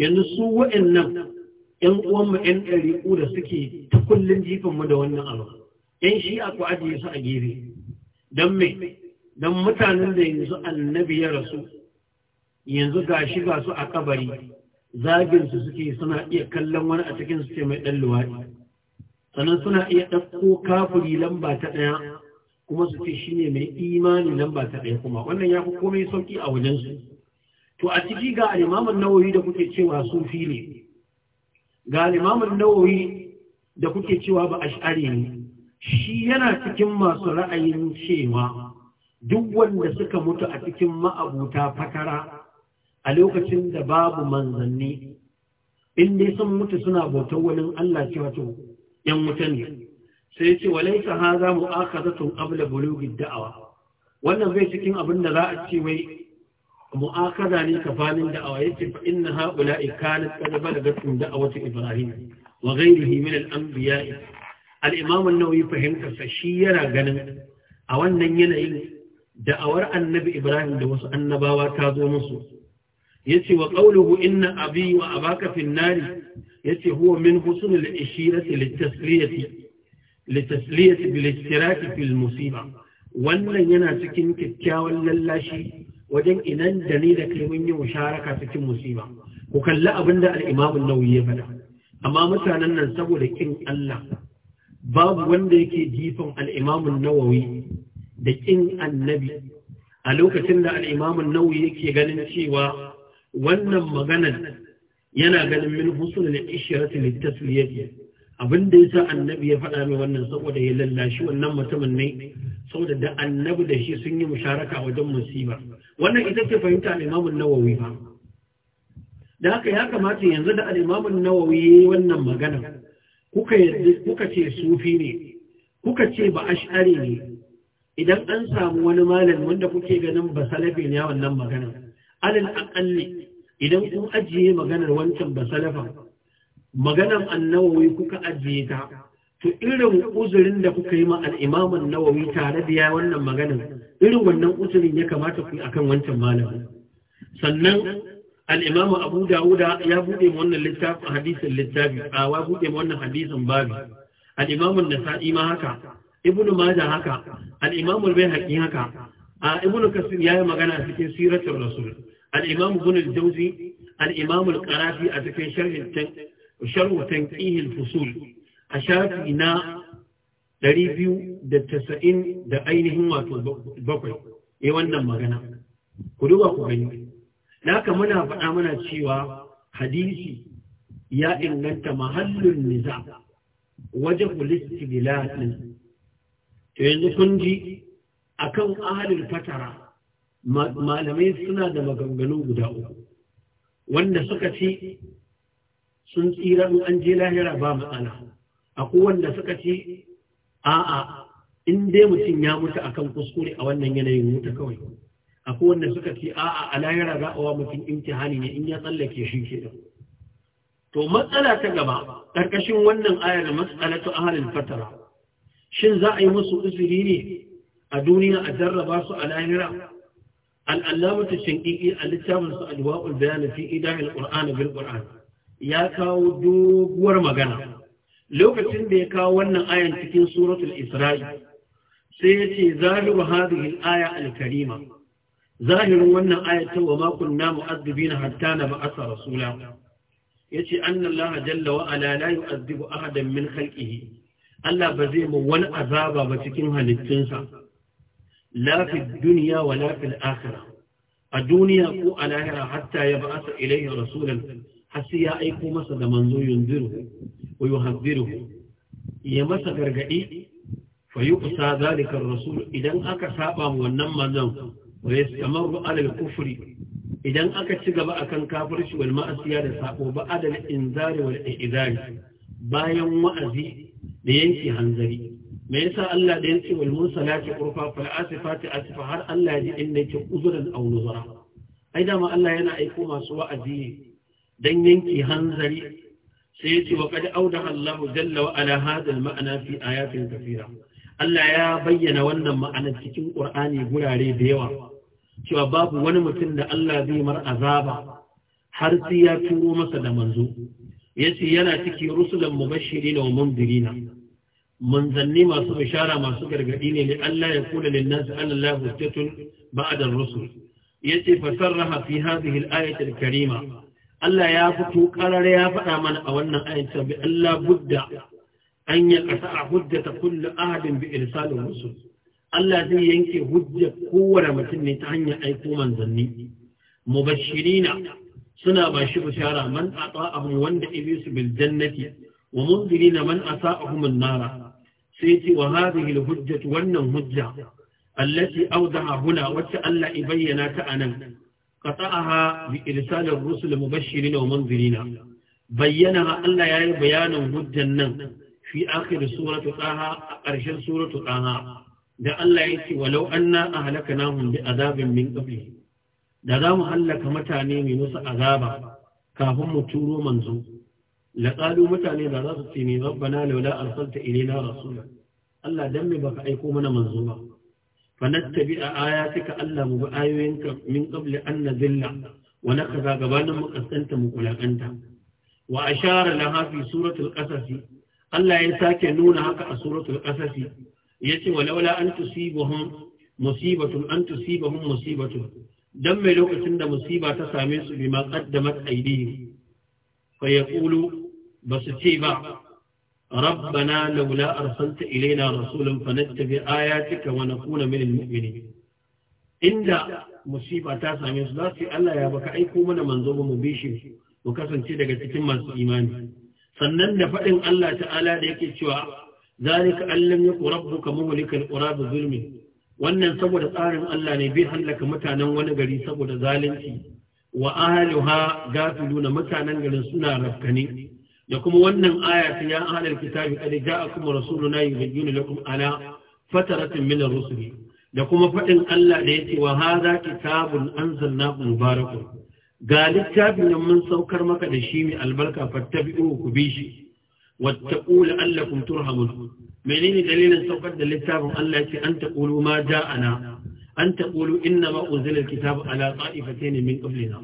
yanzu su wa'annan ‘yan uwanmu ‘yan ɗari da suke ta kullum jifinmu da wannan abu, ‘yan shi aku ajiye su a gefe, don me, don mutanen da yanzu annabi ya rasu, yanzu ga shi ga su a kabari, zaginsu suke suna iya kallon wani a cikin su ce mai ɗan luwaɗi, sannan suna iya ɗauko kafuri lamba ta ɗaya, kuma su ce shi ne mai imani lamba ta ɗaya kuma, wannan ya fi komai sauƙi a wajensu. To a ciki ga alimaman nawoyi da kuke cewa sufi ne, ga limamin nawoyi da kuke cewa ba a shari ne shi yana cikin masu ra'ayin cewa duk wanda suka mutu a cikin ma'abuta fatara a lokacin da babu manzanni in dai sun mutu suna bautar wani Allah cewa wato ‘yan wuta ne sai ce walaita ha za mu aka zaton abla bulogin da'awa wannan zai cikin abin da za a ce wai mu'akaza ne kafanin da'awa yace fa inna ha'ula'i kanat qad balagatum da'awatu ibrahim wa ghayrihi min al-anbiya'i al-imam an-nawawi fahimta sa shi yana ganin a wannan yanayin da'awar annabi ibrahim da wasu annabawa ta zo musu yace wa qawluhu inna abi wa abaka fi an-nari yace huwa min husn al-ishirati lit-tasliyati lit-tasliyati bil-ishtiraki fil musiba wannan yana cikin kyakkyawan lallashi wajen idan da ni da kai mun yi musharaka cikin musiba ku kalli abin da al'imamun nauyi ya faɗa amma mutanen nan saboda kin Allah babu wanda yake jifan al'imamun nawawi da kin annabi a lokacin da al'imamin nauyi yake ganin cewa wannan maganar yana ganin min husulul ishirati littasliyati abin da ya sa annabi ya faɗa mai wannan saboda ya lallashi wannan mutumin ne saboda da annabi da shi sun yi musharaka wajen musiba wannan ita ce fahimta al-Imam nawawi ba da haka ya kamata yanzu da al'imamun nawawi ya yi wannan magana kuka ce sufi ne kuka ce ba ash'ari ne idan an samu wani malam wanda kuke ganin ba salafi ne wannan magana alal aqalli idan kun ajiye maganar wancan ba salafan maganan annawawi kuka ajiye ta to irin uzurin da kuka yi ma al'imaman annawawi tare da ya wannan maganan irin wannan uzurin ya kamata ku akan wancan malamin sannan al’imam abu dawuda ya buɗe mu wannan littafin hadisin littafi a wa bude mu wannan hadisin babi al’imam an-nasa'i ma haka ibnu majah haka al’imam bai al haka a ibnu kasir yi magana a cikin siratul rasul al-imam ibn al-jawzi a cikin sharh sharhu tanqihi al-fusul a shafi na biyu da da ainihin wato bakwai eh wannan magana ku duba ku gani haka muna faɗa mana cewa hadisi ya inganta mahallun niza wajen hulisti bilatin to yanzu kun ji akan ahalin fatara malamai suna da maganganu guda uku wanda suka ci. sun tsira in an je lahira ba matsala akwai wanda suka ce a'a in dai mutum ya mutu akan kuskure a wannan yanayin mutu kawai akwai wanda suka ce a'a a lahira za a wa mutum imtihani ne in ya tsallake shi ke da to matsala ta gaba ƙarƙashin wannan ayar matsalatu ahalin fatara shin za a yi musu uzuri ne a duniya a jarraba su a lahira al'allamatu shinƙiƙi a littafinsu alwa'ul bayanin fi idahil qur'ani bil qur'ani ya kawo doguwar magana lokacin da ya kawo wannan ayan cikin suratul isra'i sai ya ce zahiru hadhihi al-aya al-karima zahirin wannan ayatu wa ma kunna mu'adhibina hatta nab'atha rasula yace anna Allah jalla wa ala la yu'adhibu ahadan min khalqihi Allah ba zai mu wani azaba ba cikin halittunsa la fi dunya wa la fil akhirah a duniya ko a lahira hatta ya ba'atha ilayhi rasulan hasi ya aiko masa da manzo yunziru wa yuhadhiruhu ya masa gargadi fa yuqsa zalika ar-rasul idan aka saba wannan manzon wa yastamaru ala al-kufri idan aka ci gaba akan kafirci wal ma'asiya da sabo ba adal inzari wal i'zari bayan wa'azi da yanki hanzari me yasa Allah da yake wal mursalati urfa fal asifati asfa har Allah ya ji inda yake uzuran aw nuzara ai dama Allah yana aiko masu wa'azi dan yanki hanzari sai ya ce wa qad awdaha Allah jalla wa ala hadha al-ma'na fi ayatin Allah ya bayyana wannan ma'anar cikin Qur'ani gurare da yawa cewa babu wani mutum da Allah zai mar azaba har sai ya turo masa da manzo yace yana ciki rusulan mubashirina wa mundirina manzanni masu bishara masu gargadi ne Allah ya kula lin nas anallahu tatun ba'da rusul yace fasarraha fi hadhihi al-ayati al-karima Allah ya fito ƙarar ya faɗa mana a wannan ayyanta bi Allah budda an ya ƙasa a hujjata kullu ahadin bi irsalin rusul Allah zai yanke hujja kowane mutum ne ta hanyar aiko manzanni mubashirina suna ba shi bishara man ata'ahum wanda ibisu bil jannati wa munzirina man asa'ahum an-nara sai ce wa hadhihi hujjatu wannan hujja allati awdaha huna wacce Allah ibayyana ta anan qata'aha bi irsalir rusul mubashirin wa munzirina bayyana Allah ya yi bayanin hujjan nan fi akhir suratu taha a ƙarshen suratu taha da Allah yake walau anna ahlaknahum bi azabin min qabli da za mu hallaka mutane mai musu azaba kafin mu turo manzo laqalu mutane da za su ce ne rabbana laula arsalta ilaina rasula Allah dan me baka aiko mana manzo ba fanattabi a ayatika Allah mu bi ayoyin min qabli an nadilla wa nakaza gabanin mu kaskanta mu kulakanta wa a laha fi suratul qasas Allah ya sake nuna haka a suratul qasas yace walaula an tusibuhum musibatun an tusibahum musibatun dan mai lokacin da musiba ta same su bima qaddamat aydihim fa yaqulu basu ce ba ربنا لولا أرسلت إلينا رسولا فنتبع آياتك ونكون من المؤمنين إن مصيبة تاسع من صلاتي ألا يا بك أيكو من mu kasance وكسن تدك تتم إيماني sannan da faɗin Allah ta'ala da yake cewa zalika allam yaku rabbuka muhlikal qura bi zulmi wannan saboda tsarin Allah ne zai hallaka mutanen wani gari saboda zalunci wa gafiluna mutanen garin suna rafkani da kuma wannan aya ta ya ahlal kitabi qad ja'akum rasuluna yubayyinu lakum ala fataratin min ar-rusul da kuma fadin Allah da yake wa hadha kitabun anzalnahu mubarakun ga littafin da mun saukar maka da shi mai albarka fattabi'u ku bi shi wattaqu la'allakum turhamun menene dalilin saukar da littafin Allah yake an taqulu ma ja'ana an taqulu inna ma unzila al-kitabu ala qa'ifatayn min qablina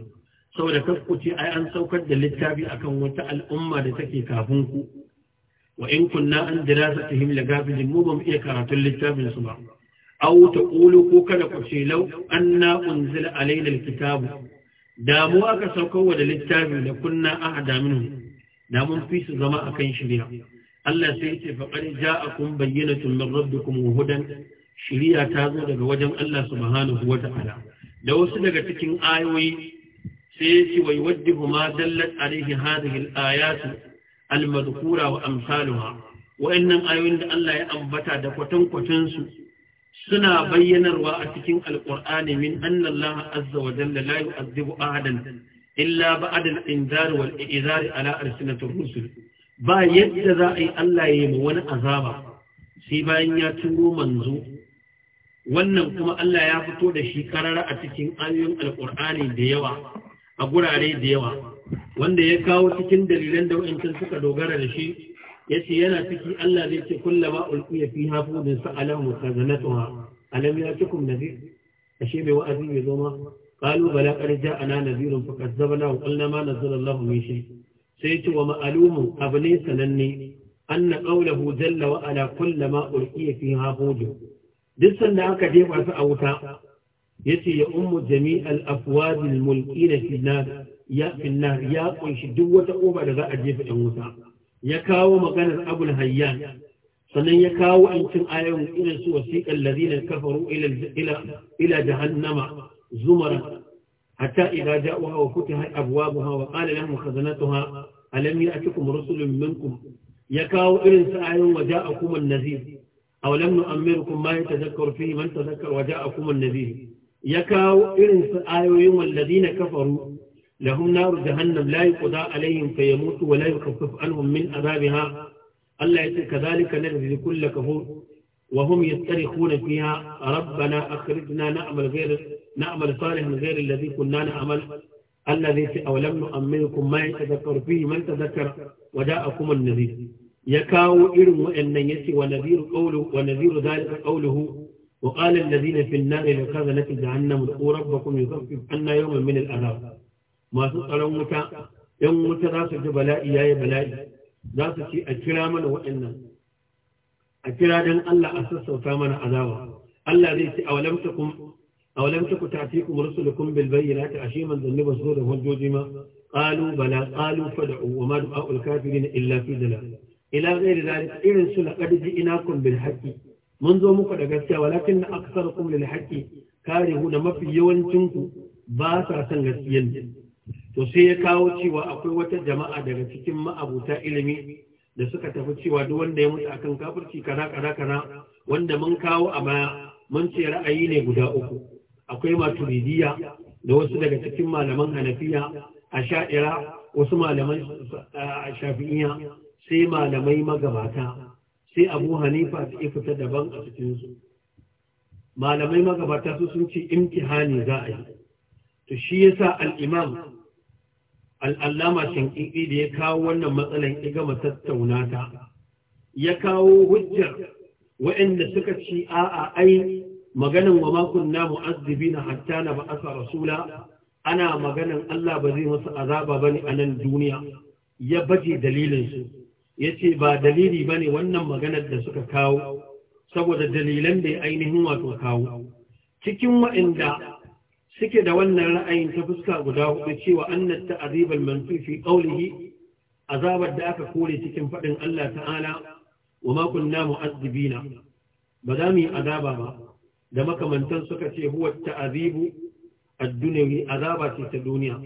saboda kakkuce ai an saukar da littafi akan wata al'umma da take kafin ku wa in kunna an dirasatihim la gafilin mu ba mu iya karatun littafin su ba aw taqulu ko kada ku ce law anna unzila alaina alkitabu da mu aka saukar wa da littafi da kunna ahada minhu da mun fi su zama akan shirya Allah sai ce faqad ja'akum bayyinatun min rabbikum wa hudan Shirya ta zo daga wajen Allah subhanahu wa ta'ala da wasu daga cikin ayoyi sai yake wa wadda kuma dallat a rikin hadahil ayatu almadukura wa amsaluwa wa'annan ayoyin da Allah ya ambata da kwatankwatansu suna bayyanarwa a cikin alƙur'ani min annan lahu azza wa dalla la yi azzibu adan illa ba adan inzari wal izari ala arsinatun rusul ba yadda za a yi Allah ya yi ma wani azaba sai bayan ya turo manzo wannan kuma Allah ya fito da shi karara a cikin ayoyin alƙur'ani da yawa a gurare da yawa wanda ya kawo cikin dalilan da wa'incin suka dogara da shi ya ce yana ciki Allah zai ce kullama ulku ya fi hafu alamu ta zana tsoha alam ya ci kum nazir a shi mai wa'azi mai zoma kalu bala karja ana nazirin fa kazzabna wa qulna ma nazzala Allah min shi sai ce wa ma'lumu abne sananne anna qawluhu jalla wa ala kullama ulku ya duk sanda aka jefa su a wuta yace ya ummu jami'al afwadil mulkina fi nar ya fi nar ya kunshi duk wata kofa da za a jefa ɗan wuta ya kawo maganar abul hayyan sannan ya kawo ancin ayon irin su wasiqal ladina kafaru ila ila ila jahannama zumara hatta idza ja'uha wa futihat abwabuha wa qala lahum khazanatuha alam ya'tikum rusulun minkum ya kawo irin su ayoyin waja'akum an-nazir aw lam nu'ammirukum ma yatadhakkaru fihi man tadhakkara waja'akum an-nazir ya kawo irin ayoyin ayoyin na kafaru lahum naru jahannam la yuqda alaihim fayamutu wa la yukaffaf anhum min azabiha Allah yace kazalika najzi kull kafur wa hum yastarikhuna fiha rabbana akhrijna na'mal ghayra na'mal salihan ghayra alladhi kunna na'mal الذي أو لم نؤمنكم ما يتذكر فيه من تذكر وجاءكم النذير يكاو إرم وأن يسي ونذير قوله ونذير ذلك قوله وقال الذين في النار لخزنة جهنم ادعوا ربكم يخفف عنا يوما من العذاب ما تطلعوا متى يوم متى ذات بلائي يا بلائي ذات أكرا من وإنا أكرا دن الله أسس وتامنا عذابا الله ذي أولم تكن أولم تكن تأتيكم رسلكم بالبينات عشيما ذنب صدوره والجوجما قالوا بلى قالوا فدعوا وما دعاء الكافرين إلا في ضلال إلى غير ذلك إذن سنة قد جئناكم بالحق mun zo muku da gaskiya walakin na aksar kum lil haqqi karihu da mafi yawancin ku ba sa san gaskiya ne to sai ya kawo cewa akwai wata jama'a daga cikin ma'abuta ilimi da suka tafi cewa duk wanda ya mutu akan kafirci kaza kaza kaza wanda mun kawo a baya mun ce ra'ayi ne guda uku akwai maturidiya da wasu daga cikin malaman hanafiya a sha'ira wasu malaman shafi'iyya, sai malamai magabata sai abu hanifa su ya fita daban a cikinsu malamai magabata su sun ce imtihani za a yi to shi yasa al'imam al'allama shinkiɗi da ya kawo wannan matsalan igama tattaunata. tattauna ta ya kawo hujjar waɗanda suka ci a'a ai maganin wa makon namu azubi na hatta na ba'asa rasula ana maganan Allah ba zai masu azaba bane a nan duniya ya baje dalilinsu ya ce ba dalili ba ne wannan maganar da suka kawo saboda dalilan da ya ainihin wato kawo cikin waɗanda suke da wannan ra'ayin ta fuska guda hudu cewa annat ta'azibal manfi fi qawlihi azabar da aka kore cikin faɗin Allah ta'ala wa ma kunna mu'azzibina ba za mu yi azaba ba da makamantan suka ce huwa ta'azibu ad-dunyawi azaba ce ta duniya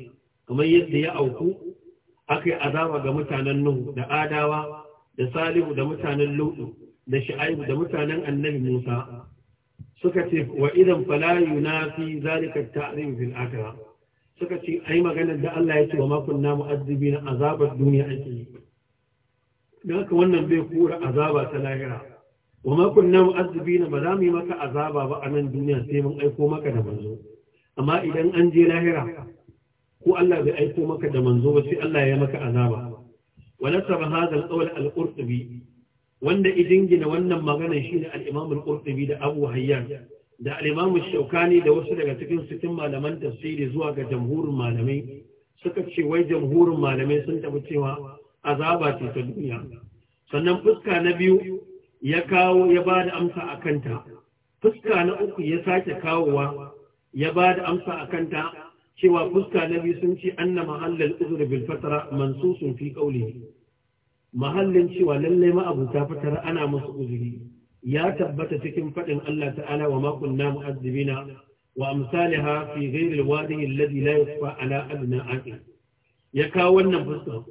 kamar yadda ya auku aka yi azaba ga mutanen Nuhu da Adawa da Salihu da mutanen Lu'u da Shu'aibu da mutanen Annabi Musa suka ce wa idan fala yunafi zalika ta'rim fil akhirah suka ce ai maganar da Allah ya ce wa ma kunna mu'azzibin azabar duniya ake yi haka wannan bai kura azaba ta lahira wa ma kunna mu'azzibin ba za mu yi maka azaba ba a nan duniya sai mun aiko maka da manzo amma idan an je lahira ko Allah bai aiko maka da manzo ba sai Allah ya maka azaba wala saba hadal qawl al-qurtubi wanda idin gina wannan magana shine al-imam al-qurtubi da Abu Hayyan da al-imam ne da wasu daga cikin cikin malaman tafsiri zuwa ga jamhurin malamai suka ce wai jamhurin malamai sun tafi cewa azaba ce ta duniya sannan fuska na biyu ya kawo ya ba da amsa a kanta fuska na uku ya sake kawowa ya ba da amsa a kanta cewa fuska na biyu sun ce anna mahallal uzur bil fatara mansusun fi qawlihi mahallin cewa lallai ma abuta fatara ana musu uzuri ya tabbata cikin fadin Allah ta'ala wa ma kunna mu'azzibina wa amsalha fi ghairi alwadi alladhi la yusfa ala abna'i ya kawo wannan fuska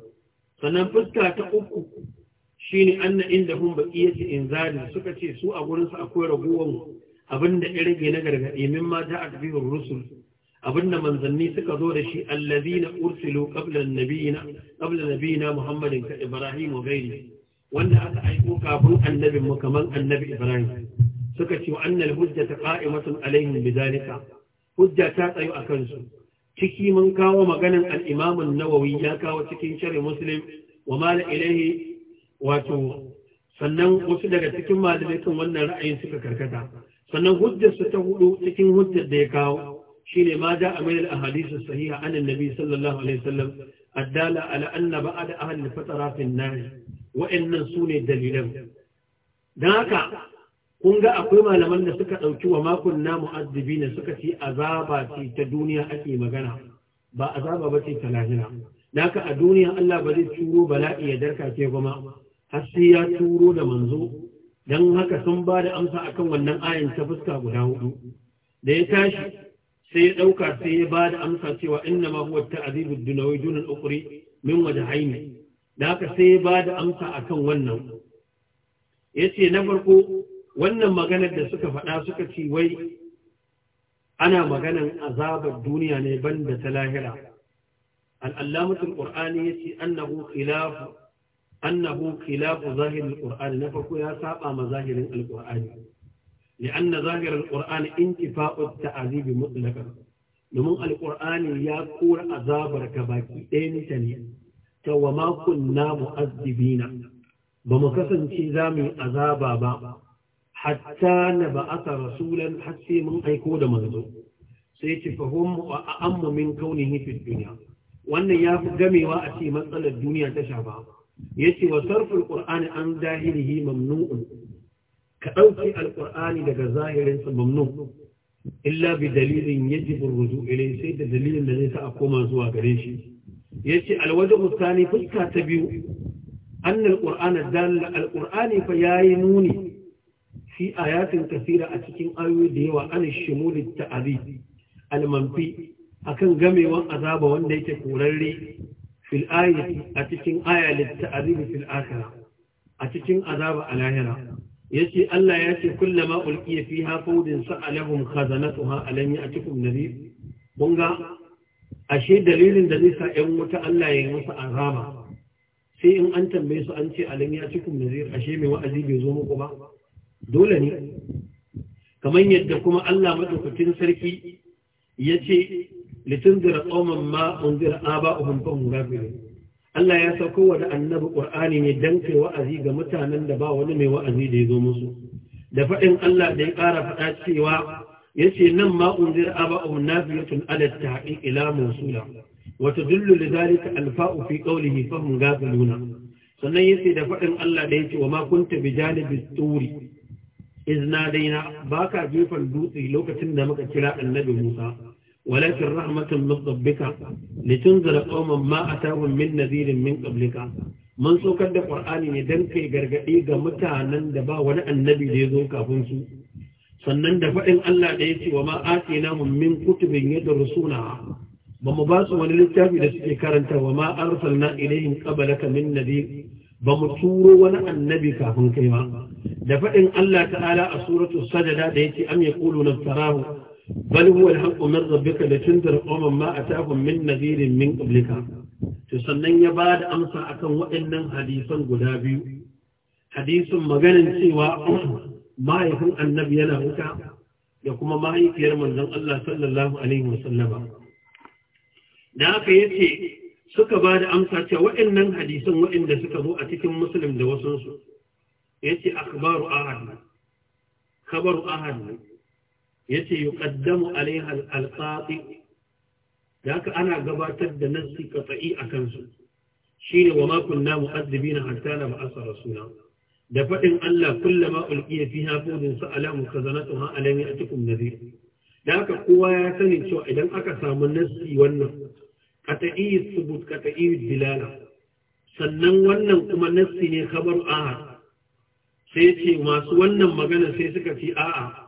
sannan fuska ta uku shine anna indahum baqiyati inzali suka ce su a gurin su akwai raguwan abinda ya rage na gargadi min mata ja'a bihi rusul abinda manzanni suka zo da shi allazina ursilu qabla nabiyina qabla nabiyina muhammadin ka ibrahim wa gairi wanda aka aiko kafin annabi mu kaman annabi ibrahim suka ce annal hujjata qa'imatun alaihim bidalika hujja ta tsayo akan su ciki mun kawo maganan al-imam an-nawawi ya kawo cikin sharh muslim wa mala wato sannan wasu daga cikin malamai kan wannan ra'ayin suka karkata sannan hujjar su ta hudu cikin hujjar da ya kawo shine ma da amil al-ahadith sahiha an annabi sallallahu alaihi addala ala anna ba'd ahli al-fatara fi an-nar su sune dalilan dan haka kun ga akwai malaman da suka ɗauki wa makon na mu'azzibina suka ce azaba ce ta duniya ake magana ba azaba ba ce ta lahira haka a duniya Allah ba zai turo bala'i ya darka ce kuma har sai ya turo da manzo don haka sun ba da amsa akan wannan ayin ta fuska guda hudu da ya tashi sai ya ɗauka sai ya ba da amsa cewa inna ma huwa ta'azibu dunawi dunan ukuri min wajhaini da haka sai ya ba da amsa akan wannan yace na farko wannan maganar da suka faɗa suka ce wai ana maganan azabar duniya ne banda ta lahira al'allamatul qur'ani yace annahu khilafu annahu khilafu zahirul qur'ani na farko ya saba ma zahirin alqur'ani لأن ظاهر القرآن انتفاء التعذيب مطلقا domin alƙur'ani ya kura azabar ka baki ɗayanta ne ta wa makon na mu'azzibina ba mu kasance za mu yi azaba ba hatta na ba aka rasulan har sai mun aiko da manzo sai ci fahim wa a'ammu min kaunihi fi duniya wannan ya fi gamewa a ce matsalar duniya ta Ya ce wa sarful ƙur'ani an zahirihi mamnu'u. ka ɗauke alƙur'ani daga zahirin sabamnu illa dalilin yaji burrudu ilai sai da dalilin da zai sa a koma zuwa gare shi ya ce alwajen mutane fuska ta biyu an na alƙur'ana alƙur'ani fa ya yi nuni fi ayatin kasira a cikin ayoyi da yawa an shimuli ta'abi almanfi akan gamewan azaba wanda yake korarre fil a cikin ayati ta'abi fil akhirah a cikin azaba a yace Allah ya ce kullama ulqiya fiha fawdin sa'alahum khazanatuha alam ya'tikum nadhir mun ga ashe dalilin da zai sa 'yan wuta Allah ya yi musu azaba sai in an tambaye su an ce alam ya'tikum nadhir ashe mai wa'azi bai zo muku ba dole ne kamar yadda kuma Allah madaukakin sarki yace litundira qauman ma undira aba'uhum fa hum ghafilun Allah ya sauko wa da annabi Qur'ani ne dan kai wa'azi ga mutanen da ba wani mai wa'azi da ya zo musu da faɗin Allah da ya ƙara faɗa cewa yace nan ma unzir aba'u nafiyatun ala tahqiq ila musula dullu, tadullu lidhalika alfa'u fi qawlihi fahum ghafiluna sannan yace da faɗin Allah da yace wa ma kunta bijanibi turi izna daina baka jefan dutse lokacin da muka kira annabi Musa ولكن رحمة من ربك لتنذر قوما ما أتاهم من نذير من قبلك من سوكر da ƙur'ani ne dan kai gargadi ga mutanen da ba wani annabi da ya zo kafin su sannan da faɗin Allah da yake wa ma atinahum min kutubin yadrusuna ba mu ba su wani littafi da suke karanta wa ma arsalna ilayhim qablaka min nadir ba mu turo wani annabi kafin kai ba da faɗin Allah ta'ala a suratu sajada da yake am na farahu. bal huwa al-haqqu min rabbika litundira qauman ma ataakum min nadhirin min qablika to sannan ya ba da amsa akan waɗannan hadisan guda biyu hadisin maganin cewa mahaifin annabi yana wuta da kuma mahaifiyar manzon Allah sallallahu alaihi wasallama da aka yace suka ba da amsa cewa waɗannan hadisan waɗanda suka zo a cikin musulun da wasansu ya ce akbaru ahad kabaru ahad ne yace yuqaddamu alaiha al-qati haka ana gabatar da nassi qat'i akan su shine wa ma kunna mu'azzibina hatta la ba'atha rasula da fadin Allah kullama ulqiya fiha fawzun sa'alamu khazanatuha alam ya'tikum nadhir haka kowa ya sani cewa idan aka samu nassi wannan qat'i subut qat'i dilala sannan wannan kuma nassi ne khabar ahad sai ce masu wannan magana sai suka ce a'a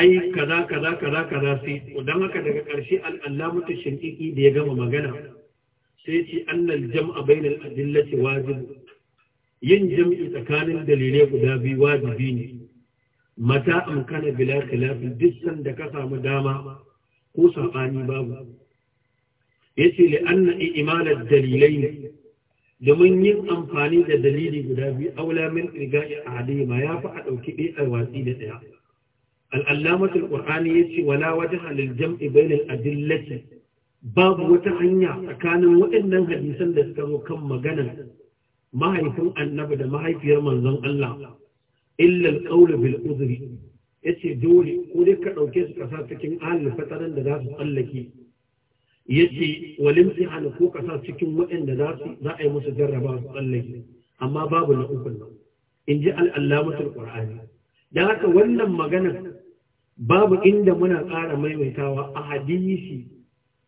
ai kaza kaza kaza kaza sai dan haka daga ƙarshe al'allamu ta shinkiki da ya gama magana sai ce annal jam'a bainal adillati wajib yin jam'i tsakanin dalilai guda biyu wajibi ne mata amkana bila khilafin duk sanda ka samu dama ko sabani babu yace li anna dalilai dalilain domin yin amfani da dalili guda biyu aula min riga'i ahadima ya yafi a dauki ɗaya watsi da ɗaya al ƙwar'ani ya ce wala wata halin jam’i bai da adillacin babu wata hanya tsakanin waɗannan hadisan da suka zo kan maganar mahaifin annabi da mahaifiyar manzon Allah illal ƙaunar bil uzuri ya ce dole ko dai ka ɗauke su ka sa cikin ahalin fatsarin da za su tsallake ya ce walin sai hana ko ka sa cikin waɗanda za su za a yi musu jarraba su tsallake amma babu na uku in ji al'allamatar ƙwar'ani da haka wannan maganar babu inda muna ƙara maimaitawa a hadisi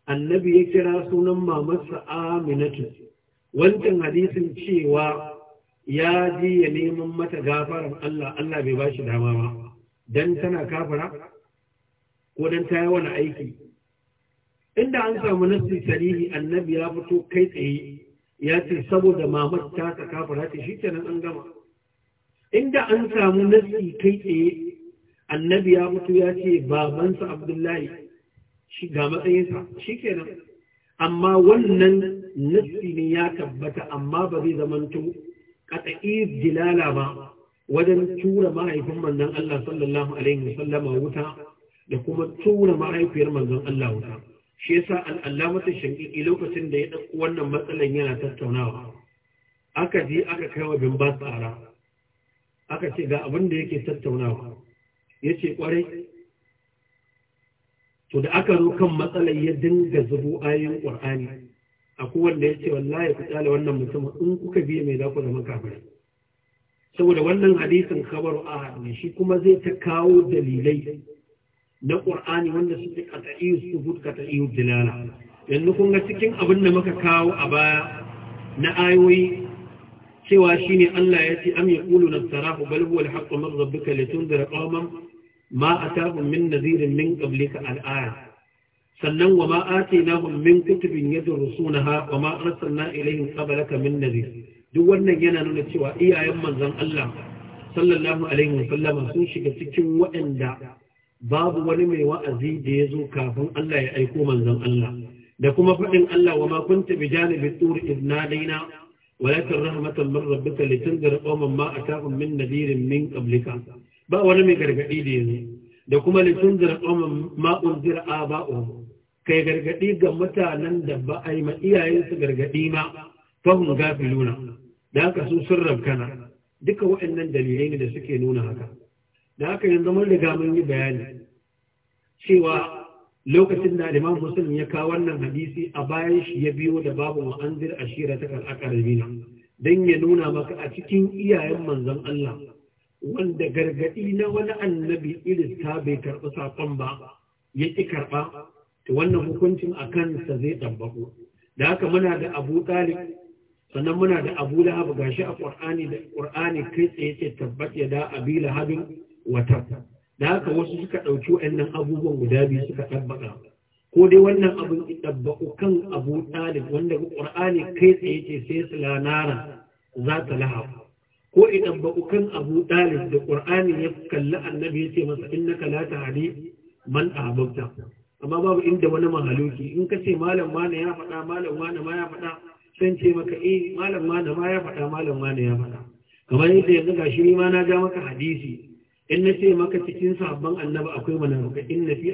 annabi ya kira sunan mamarsa aminatu wancan hadisin cewa ya ji ya neman mata gafarar Allah Allah bai bashi dama ba dan tana kafara ko dan ta yi wani aiki inda an samu nassi sarihi annabi ya fito kai tsaye ya ce saboda mamar ta ta kafara ta shi kenan an gama inda an samu nassi kai tsaye annabi ya mutu ya ce babansa abdullahi ga matsayinsa shi kenan amma wannan nassi ne ya tabbata amma ba zai zamanto katsa'i jilala ba wajen tura mahaifin manzon Allah sallallahu alaihi wasallama wuta da kuma tura mahaifiyar manzon Allah wuta shi yasa al'allamatu shankiki lokacin da ya ɗauko wannan matsalan yana tattaunawa aka je aka kai wa bin ba tsara aka ce ga abin da yake tattaunawa ya ce ƙwarai to da aka zo kan matsalar ya dinga zubo ayoyin ƙur'ani a kowanne ya ce wallahi ku tsala wannan mutumin in kuka biya mai za ku zama kafin saboda wannan hadisin kabaru ahad ne shi kuma zai ta kawo dalilai na ƙwar'ani wanda suke kata'i subut kata'i dilala yanzu kun ga cikin abin da muka kawo a baya na ayoyi cewa shine Allah ya ce am yaquluna tarahu bal huwa al-haqqu min rabbika litundira qauman ma tafin min nazirin min qablika al-aya sannan wa ma atinahum min kutubin yadrusunaha wa ma arsalna ilayhim qablaka min nadhir duk wannan yana nuna cewa iyayen manzon Allah sallallahu alaihi sallama, sun shiga cikin waɗanda babu wani mai wa'azi da ya zo kafin Allah ya aiko manzon Allah da kuma faɗin Allah wa ma kunta bi janibi tur daina. walakin rahmatan min rabbika litunzir qauman ma atahum min nadirin min qablika ba wani mai gargaɗi da yanzu da kuma litunzir qauman ma unzira aba'uhum kai gargadi ga mutanen da ba a yi ma iyayensu gargaɗi ma fahum gafiluna da haka su sun rabkana duka waɗannan dalilai ne da suke nuna haka da haka yanzu mun riga mun yi bayani cewa lokacin da Imam Muslim ya kawo wannan hadisi a bayan shi ya biyo da babu ma'anzir a shira ta al-aqrabina dan ya nuna maka a cikin iyayen manzon Allah wanda gargadi na wani annabi irin ta bai karɓi sakon ba ya ƙi karɓa to wannan hukuncin a kansa zai tabbako da haka muna da Abu Talib sannan muna da Abu Lahab gashi a ƙur'ani da Ƙur'ani, kai tsaye ce tabbat ya da Abi Lahab wa da haka wasu suka ɗauki waɗannan abubuwan guda biyu suka ɗabbaƙa ko dai wannan abin ɗabbaƙu kan abu ɗalib wanda ƙur'ani kai tsaye ce sai su lanara za ta lahafa ko ɗabbaƙu kan abu ɗalib da ƙur'ani ya kalli annabi ya ce masa in na ta hali man ahabbta amma babu inda wani mahaluki in ka ce malam wane ya faɗa malam wane ma ya faɗa sai ce maka eh malam wane ma ya faɗa malam wane ya faɗa kamar yadda yanzu gashi ni ma na ja maka hadisi in na ce maka cikin sahabban annabi akwai munafikai in na fi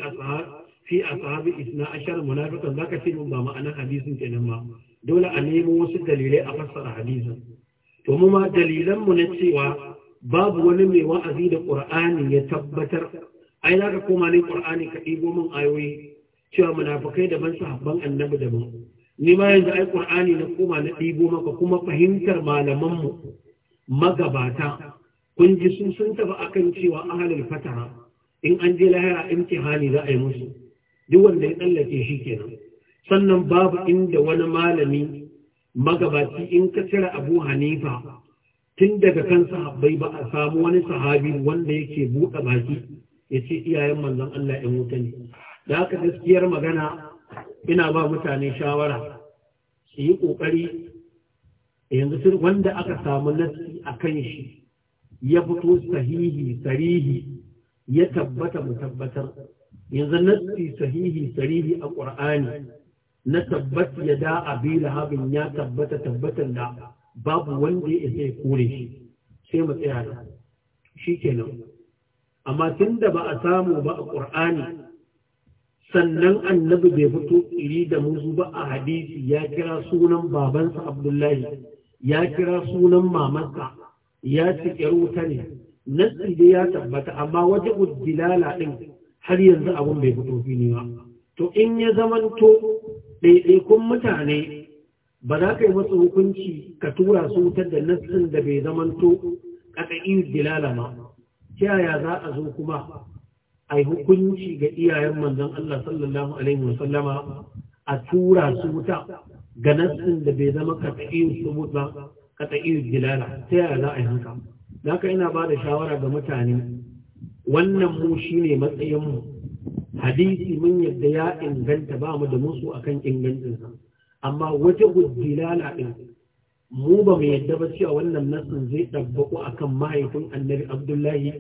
fi ashabi isna ashar munafikan zaka ce mun ba ma'anar hadisin kenan ba dole a nemo wasu dalilai a fassara hadisin to mu ma dalilan mu na cewa babu wani mai wa'azi da qur'ani ya tabbatar ai zaka koma ne qur'ani ka ɗigo min ayoyi cewa munafikai daban sahabban annabi daban ni ma yanzu ai qur'ani na koma na ɗibo maka kuma fahimtar malaman mu magabata kun ji su sun tafi akan cewa ahalin fataha. in an je lahira imtihani za a yi musu duk wanda ya tsallake shi kenan sannan babu inda wani malami magabaci in ka cire abu hanifa tun daga kan sahabbai ba a samu wani sahabi wanda yake buɗe baki ya ce iyayen manzon Allah ya wuta ne da haka gaskiyar magana ina ba mutane shawara su yi ƙoƙari yanzu wanda aka samu nasi a kan shi ya fito sahihi sarihi ya tabbata mu tabbatar yanzu nassi sahihi sarihi a ƙur'ani na tabbat ya da abi ya tabbata tabbatar da babu wanda ya isa ya kore shi sai mu tsaya da shi kenan amma tun da ba a samu ba a ƙur'ani sannan annabi bai fito iri da muzu ba a hadisi ya kira sunan babansa abdullahi ya kira sunan mamansa ya cike ruta ne nasi da ya tabbata amma waje uddilala din har yanzu abun bai fito ne ba to in ya zamanto kun mutane ba za ka yi masu hukunci ka tura su wutar da nassin da bai zamanto ƙaƙaƙi dilala ma ta yaya za a zo kuma a yi hukunci ga iyayen manzon Allah sallallahu alaihi wasallama a tura su wuta ga nassin da bai zama ƙaƙaƙi su ba qat'i dilala ta yaya za a yi haka haka ina ba da shawara ga mutane wannan mu shi matsayin matsayinmu. hadisi mun yadda ya inganta ba mu da musu akan ingancinsa amma wata dilala din mu ba mu yadda ba cewa wannan nasin zai ɗabbaku akan mahaifin annabi abdullahi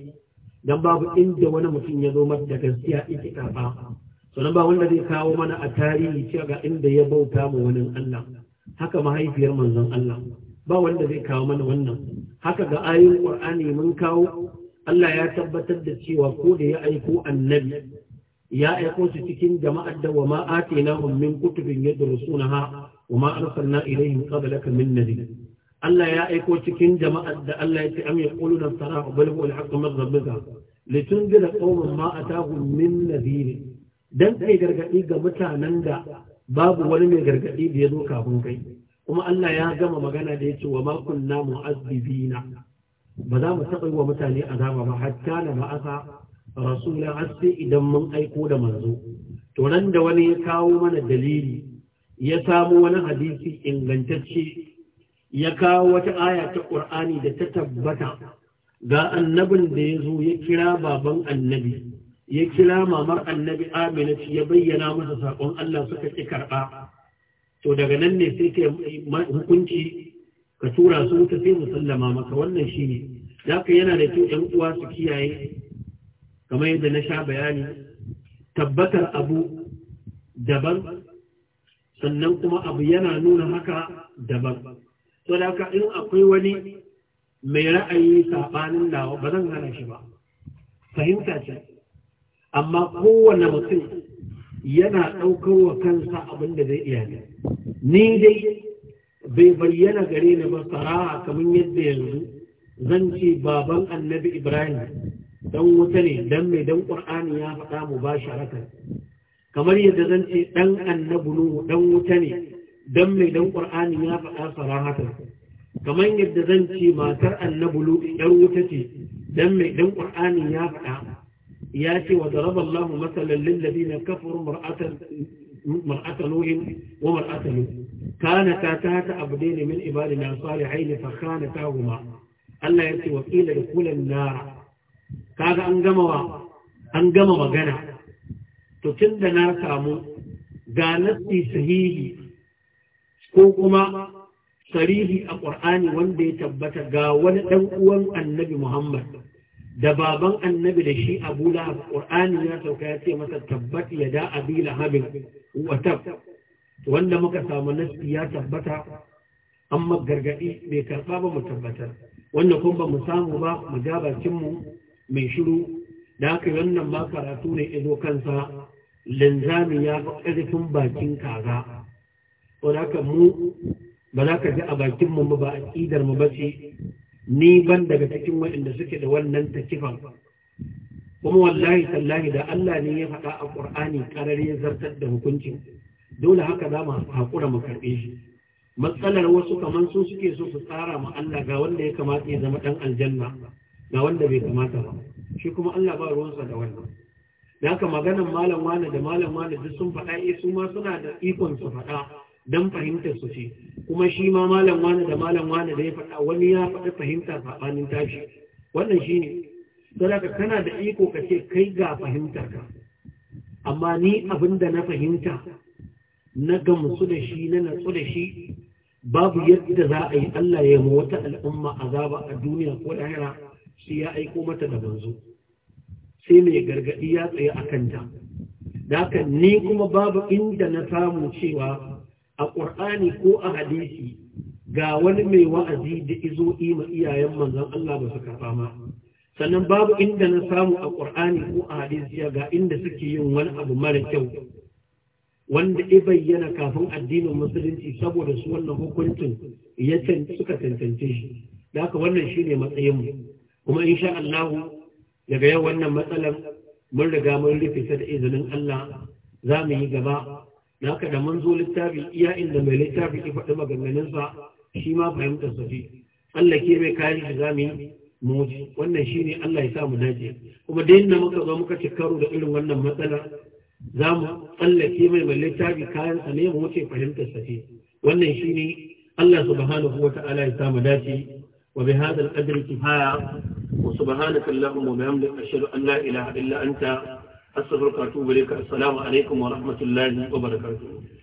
Don babu inda wani mutum ya zo mata gaskiya ita ba sannan ba wanda zai kawo mana a tarihi cewa ga inda ya bauta mu wani Allah haka mahaifiyar manzon Allah ba wanda zai kawo mana wannan haka ga ayin qur'ani mun kawo Allah ya tabbatar da cewa ko da ya aiko annabi ya aiko su cikin jama'ar da wa ma atinahum min kutubin yadrusunaha wa ma arsalna ilayhim qablaka min nadir Allah ya aiko cikin jama'ar da Allah ya ce am yaquluna tara bal huwa al-haqqu min rabbika litundira qauman ma atahum min nadir dan kai gargadi ga mutanen da babu wani mai gargadi da ya zo kafin kai kuma Allah ya gama magana da ya ce wa ma kunna mu'azzibina ba za mu taɓa yi wa mutane azaba ba hatta na ba'asa rasulun haske idan mun aiko da manzo to nan da wani ya kawo mana dalili ya samu wani hadisi ingantacce ya kawo wata aya ta ƙur'ani da ta tabbata ga annabin da ya zo ya kira baban annabi ya kira mamar annabi amina ya bayyana masa saƙon Allah suka ƙi karɓa to daga nan ne sai ka hukunci ka tura su wuta sai mu sallama maka wannan shine Za ka yana da kyau ɗan uwa su kiyaye kamar yadda na sha bayani tabbatar abu daban sannan kuma abu yana nuna haka daban to da ka in akwai wani mai ra'ayi saɓanin nawa ba zan hana shi ba fahimta ce amma kowane mutum yana ɗaukar wa kansa abin da zai iya ne ni dai bai bayyana gare ni ba sara'a kamar yadda yanzu zan ce baban annabi ibrahim dan wuta ne dan mai dan qur'ani ya faɗa mu ba sharaka kamar yadda zan ce dan annabi nuhu dan wuta ne dan mai dan qur'ani ya faɗa haka. kamar yadda zan ce matar annabi lutu dan wuta ce dan mai dan qur'ani ya faɗa ya ce wa daraba Allah masalan lil ladina kafaru mar'atan mar'atan nuhin wa mar'atan lut kanata tahta abdain min ibadina salihin fa kanatahuma Allah ya ce wa qila dukulan nar kaga an gama wa an magana to tunda na samu ga sahihi ko kuma sarihi a Ƙur'ani wanda ya tabbata ga wani ɗan uwan annabi Muhammad da baban annabi da shi abu lahab ƙur'ani ya sauka ya ce masa tabbat ya da abi lahabin watab wanda muka samu nasi ya tabbata amma gargaɗi bai karɓa ba mu tabbatar wanda kuma ba mu samu ba mu ja mu mai shiru da haka wannan ma karatu ne izo kansa linzami ya fi ƙarfin bakin kaza da haka mu ba za ka ji a bakinmu ba a idar mu ba ce ni ban daga cikin waɗanda suke da wannan takifan kuma wallahi tallahi da Allah ne ya faɗa a ƙur'ani karar ya zartar da hukuncin dole haka za mu haƙura mu karɓe shi matsalar wasu kamar su suke so su tsara ma Allah ga wanda ya kamata ya zama ɗan aljanna ga wanda bai kamata ba shi kuma Allah ba ruwansa da wannan da haka maganan malam wani da malam wani duk sun faɗa eh, su ma suna da ikon su faɗa don fahimtar su ce kuma shi ma malam wani da malam wani da ya faɗa wani ya faɗi fahimta saɓanin tashi wannan shi ne sadaka kana da iko ka ce kai ga fahimtar ka amma ni abin da na fahimta na gamsu da shi na natsu da shi babu yadda za a yi Allah ya mu wata al'umma azaba a duniya ko lahira sai ya aiko mata da banzo sai mai gargadi ya tsaye a kanta da ni kuma babu inda na samu cewa a ƙur'ani ko a hadisi ga wani mai wa'azi da izo ima iyayen manzan Allah ba su karɓa ma sannan babu inda na samu a ƙur'ani ko a hadisi ga inda suke yin wani abu mara kyau wanda ya bayyana kafin addinin musulunci saboda su wannan hukuncin ya suka tantance shi da haka wannan ne matsayinmu kuma in insha Allah daga yau wannan matsalar mun riga mun rufe ta da izinin Allah za mu yi gaba na haka da manzo littafi iya inda mai littafi ya faɗi maganganunsa shi ma fahimtar sa ce Allah ke mai kayan shi za mu yi wannan shi ne Allah ya sa mu dace kuma da yadda muka zo muka ci karo da irin wannan matsala za mu tsallake mai mai littafi kayan sa ne mu wuce fahimtar sa ce wannan shi ne Allah subhanahu wa ta'ala ya sa mu dace wa bi hadha al-qadri kifaya wa subhanaka allahumma wa bihamdika ashhadu an la ilaha illa anta astaghfiruka wa atubu assalamu alaikum wa rahmatullahi wa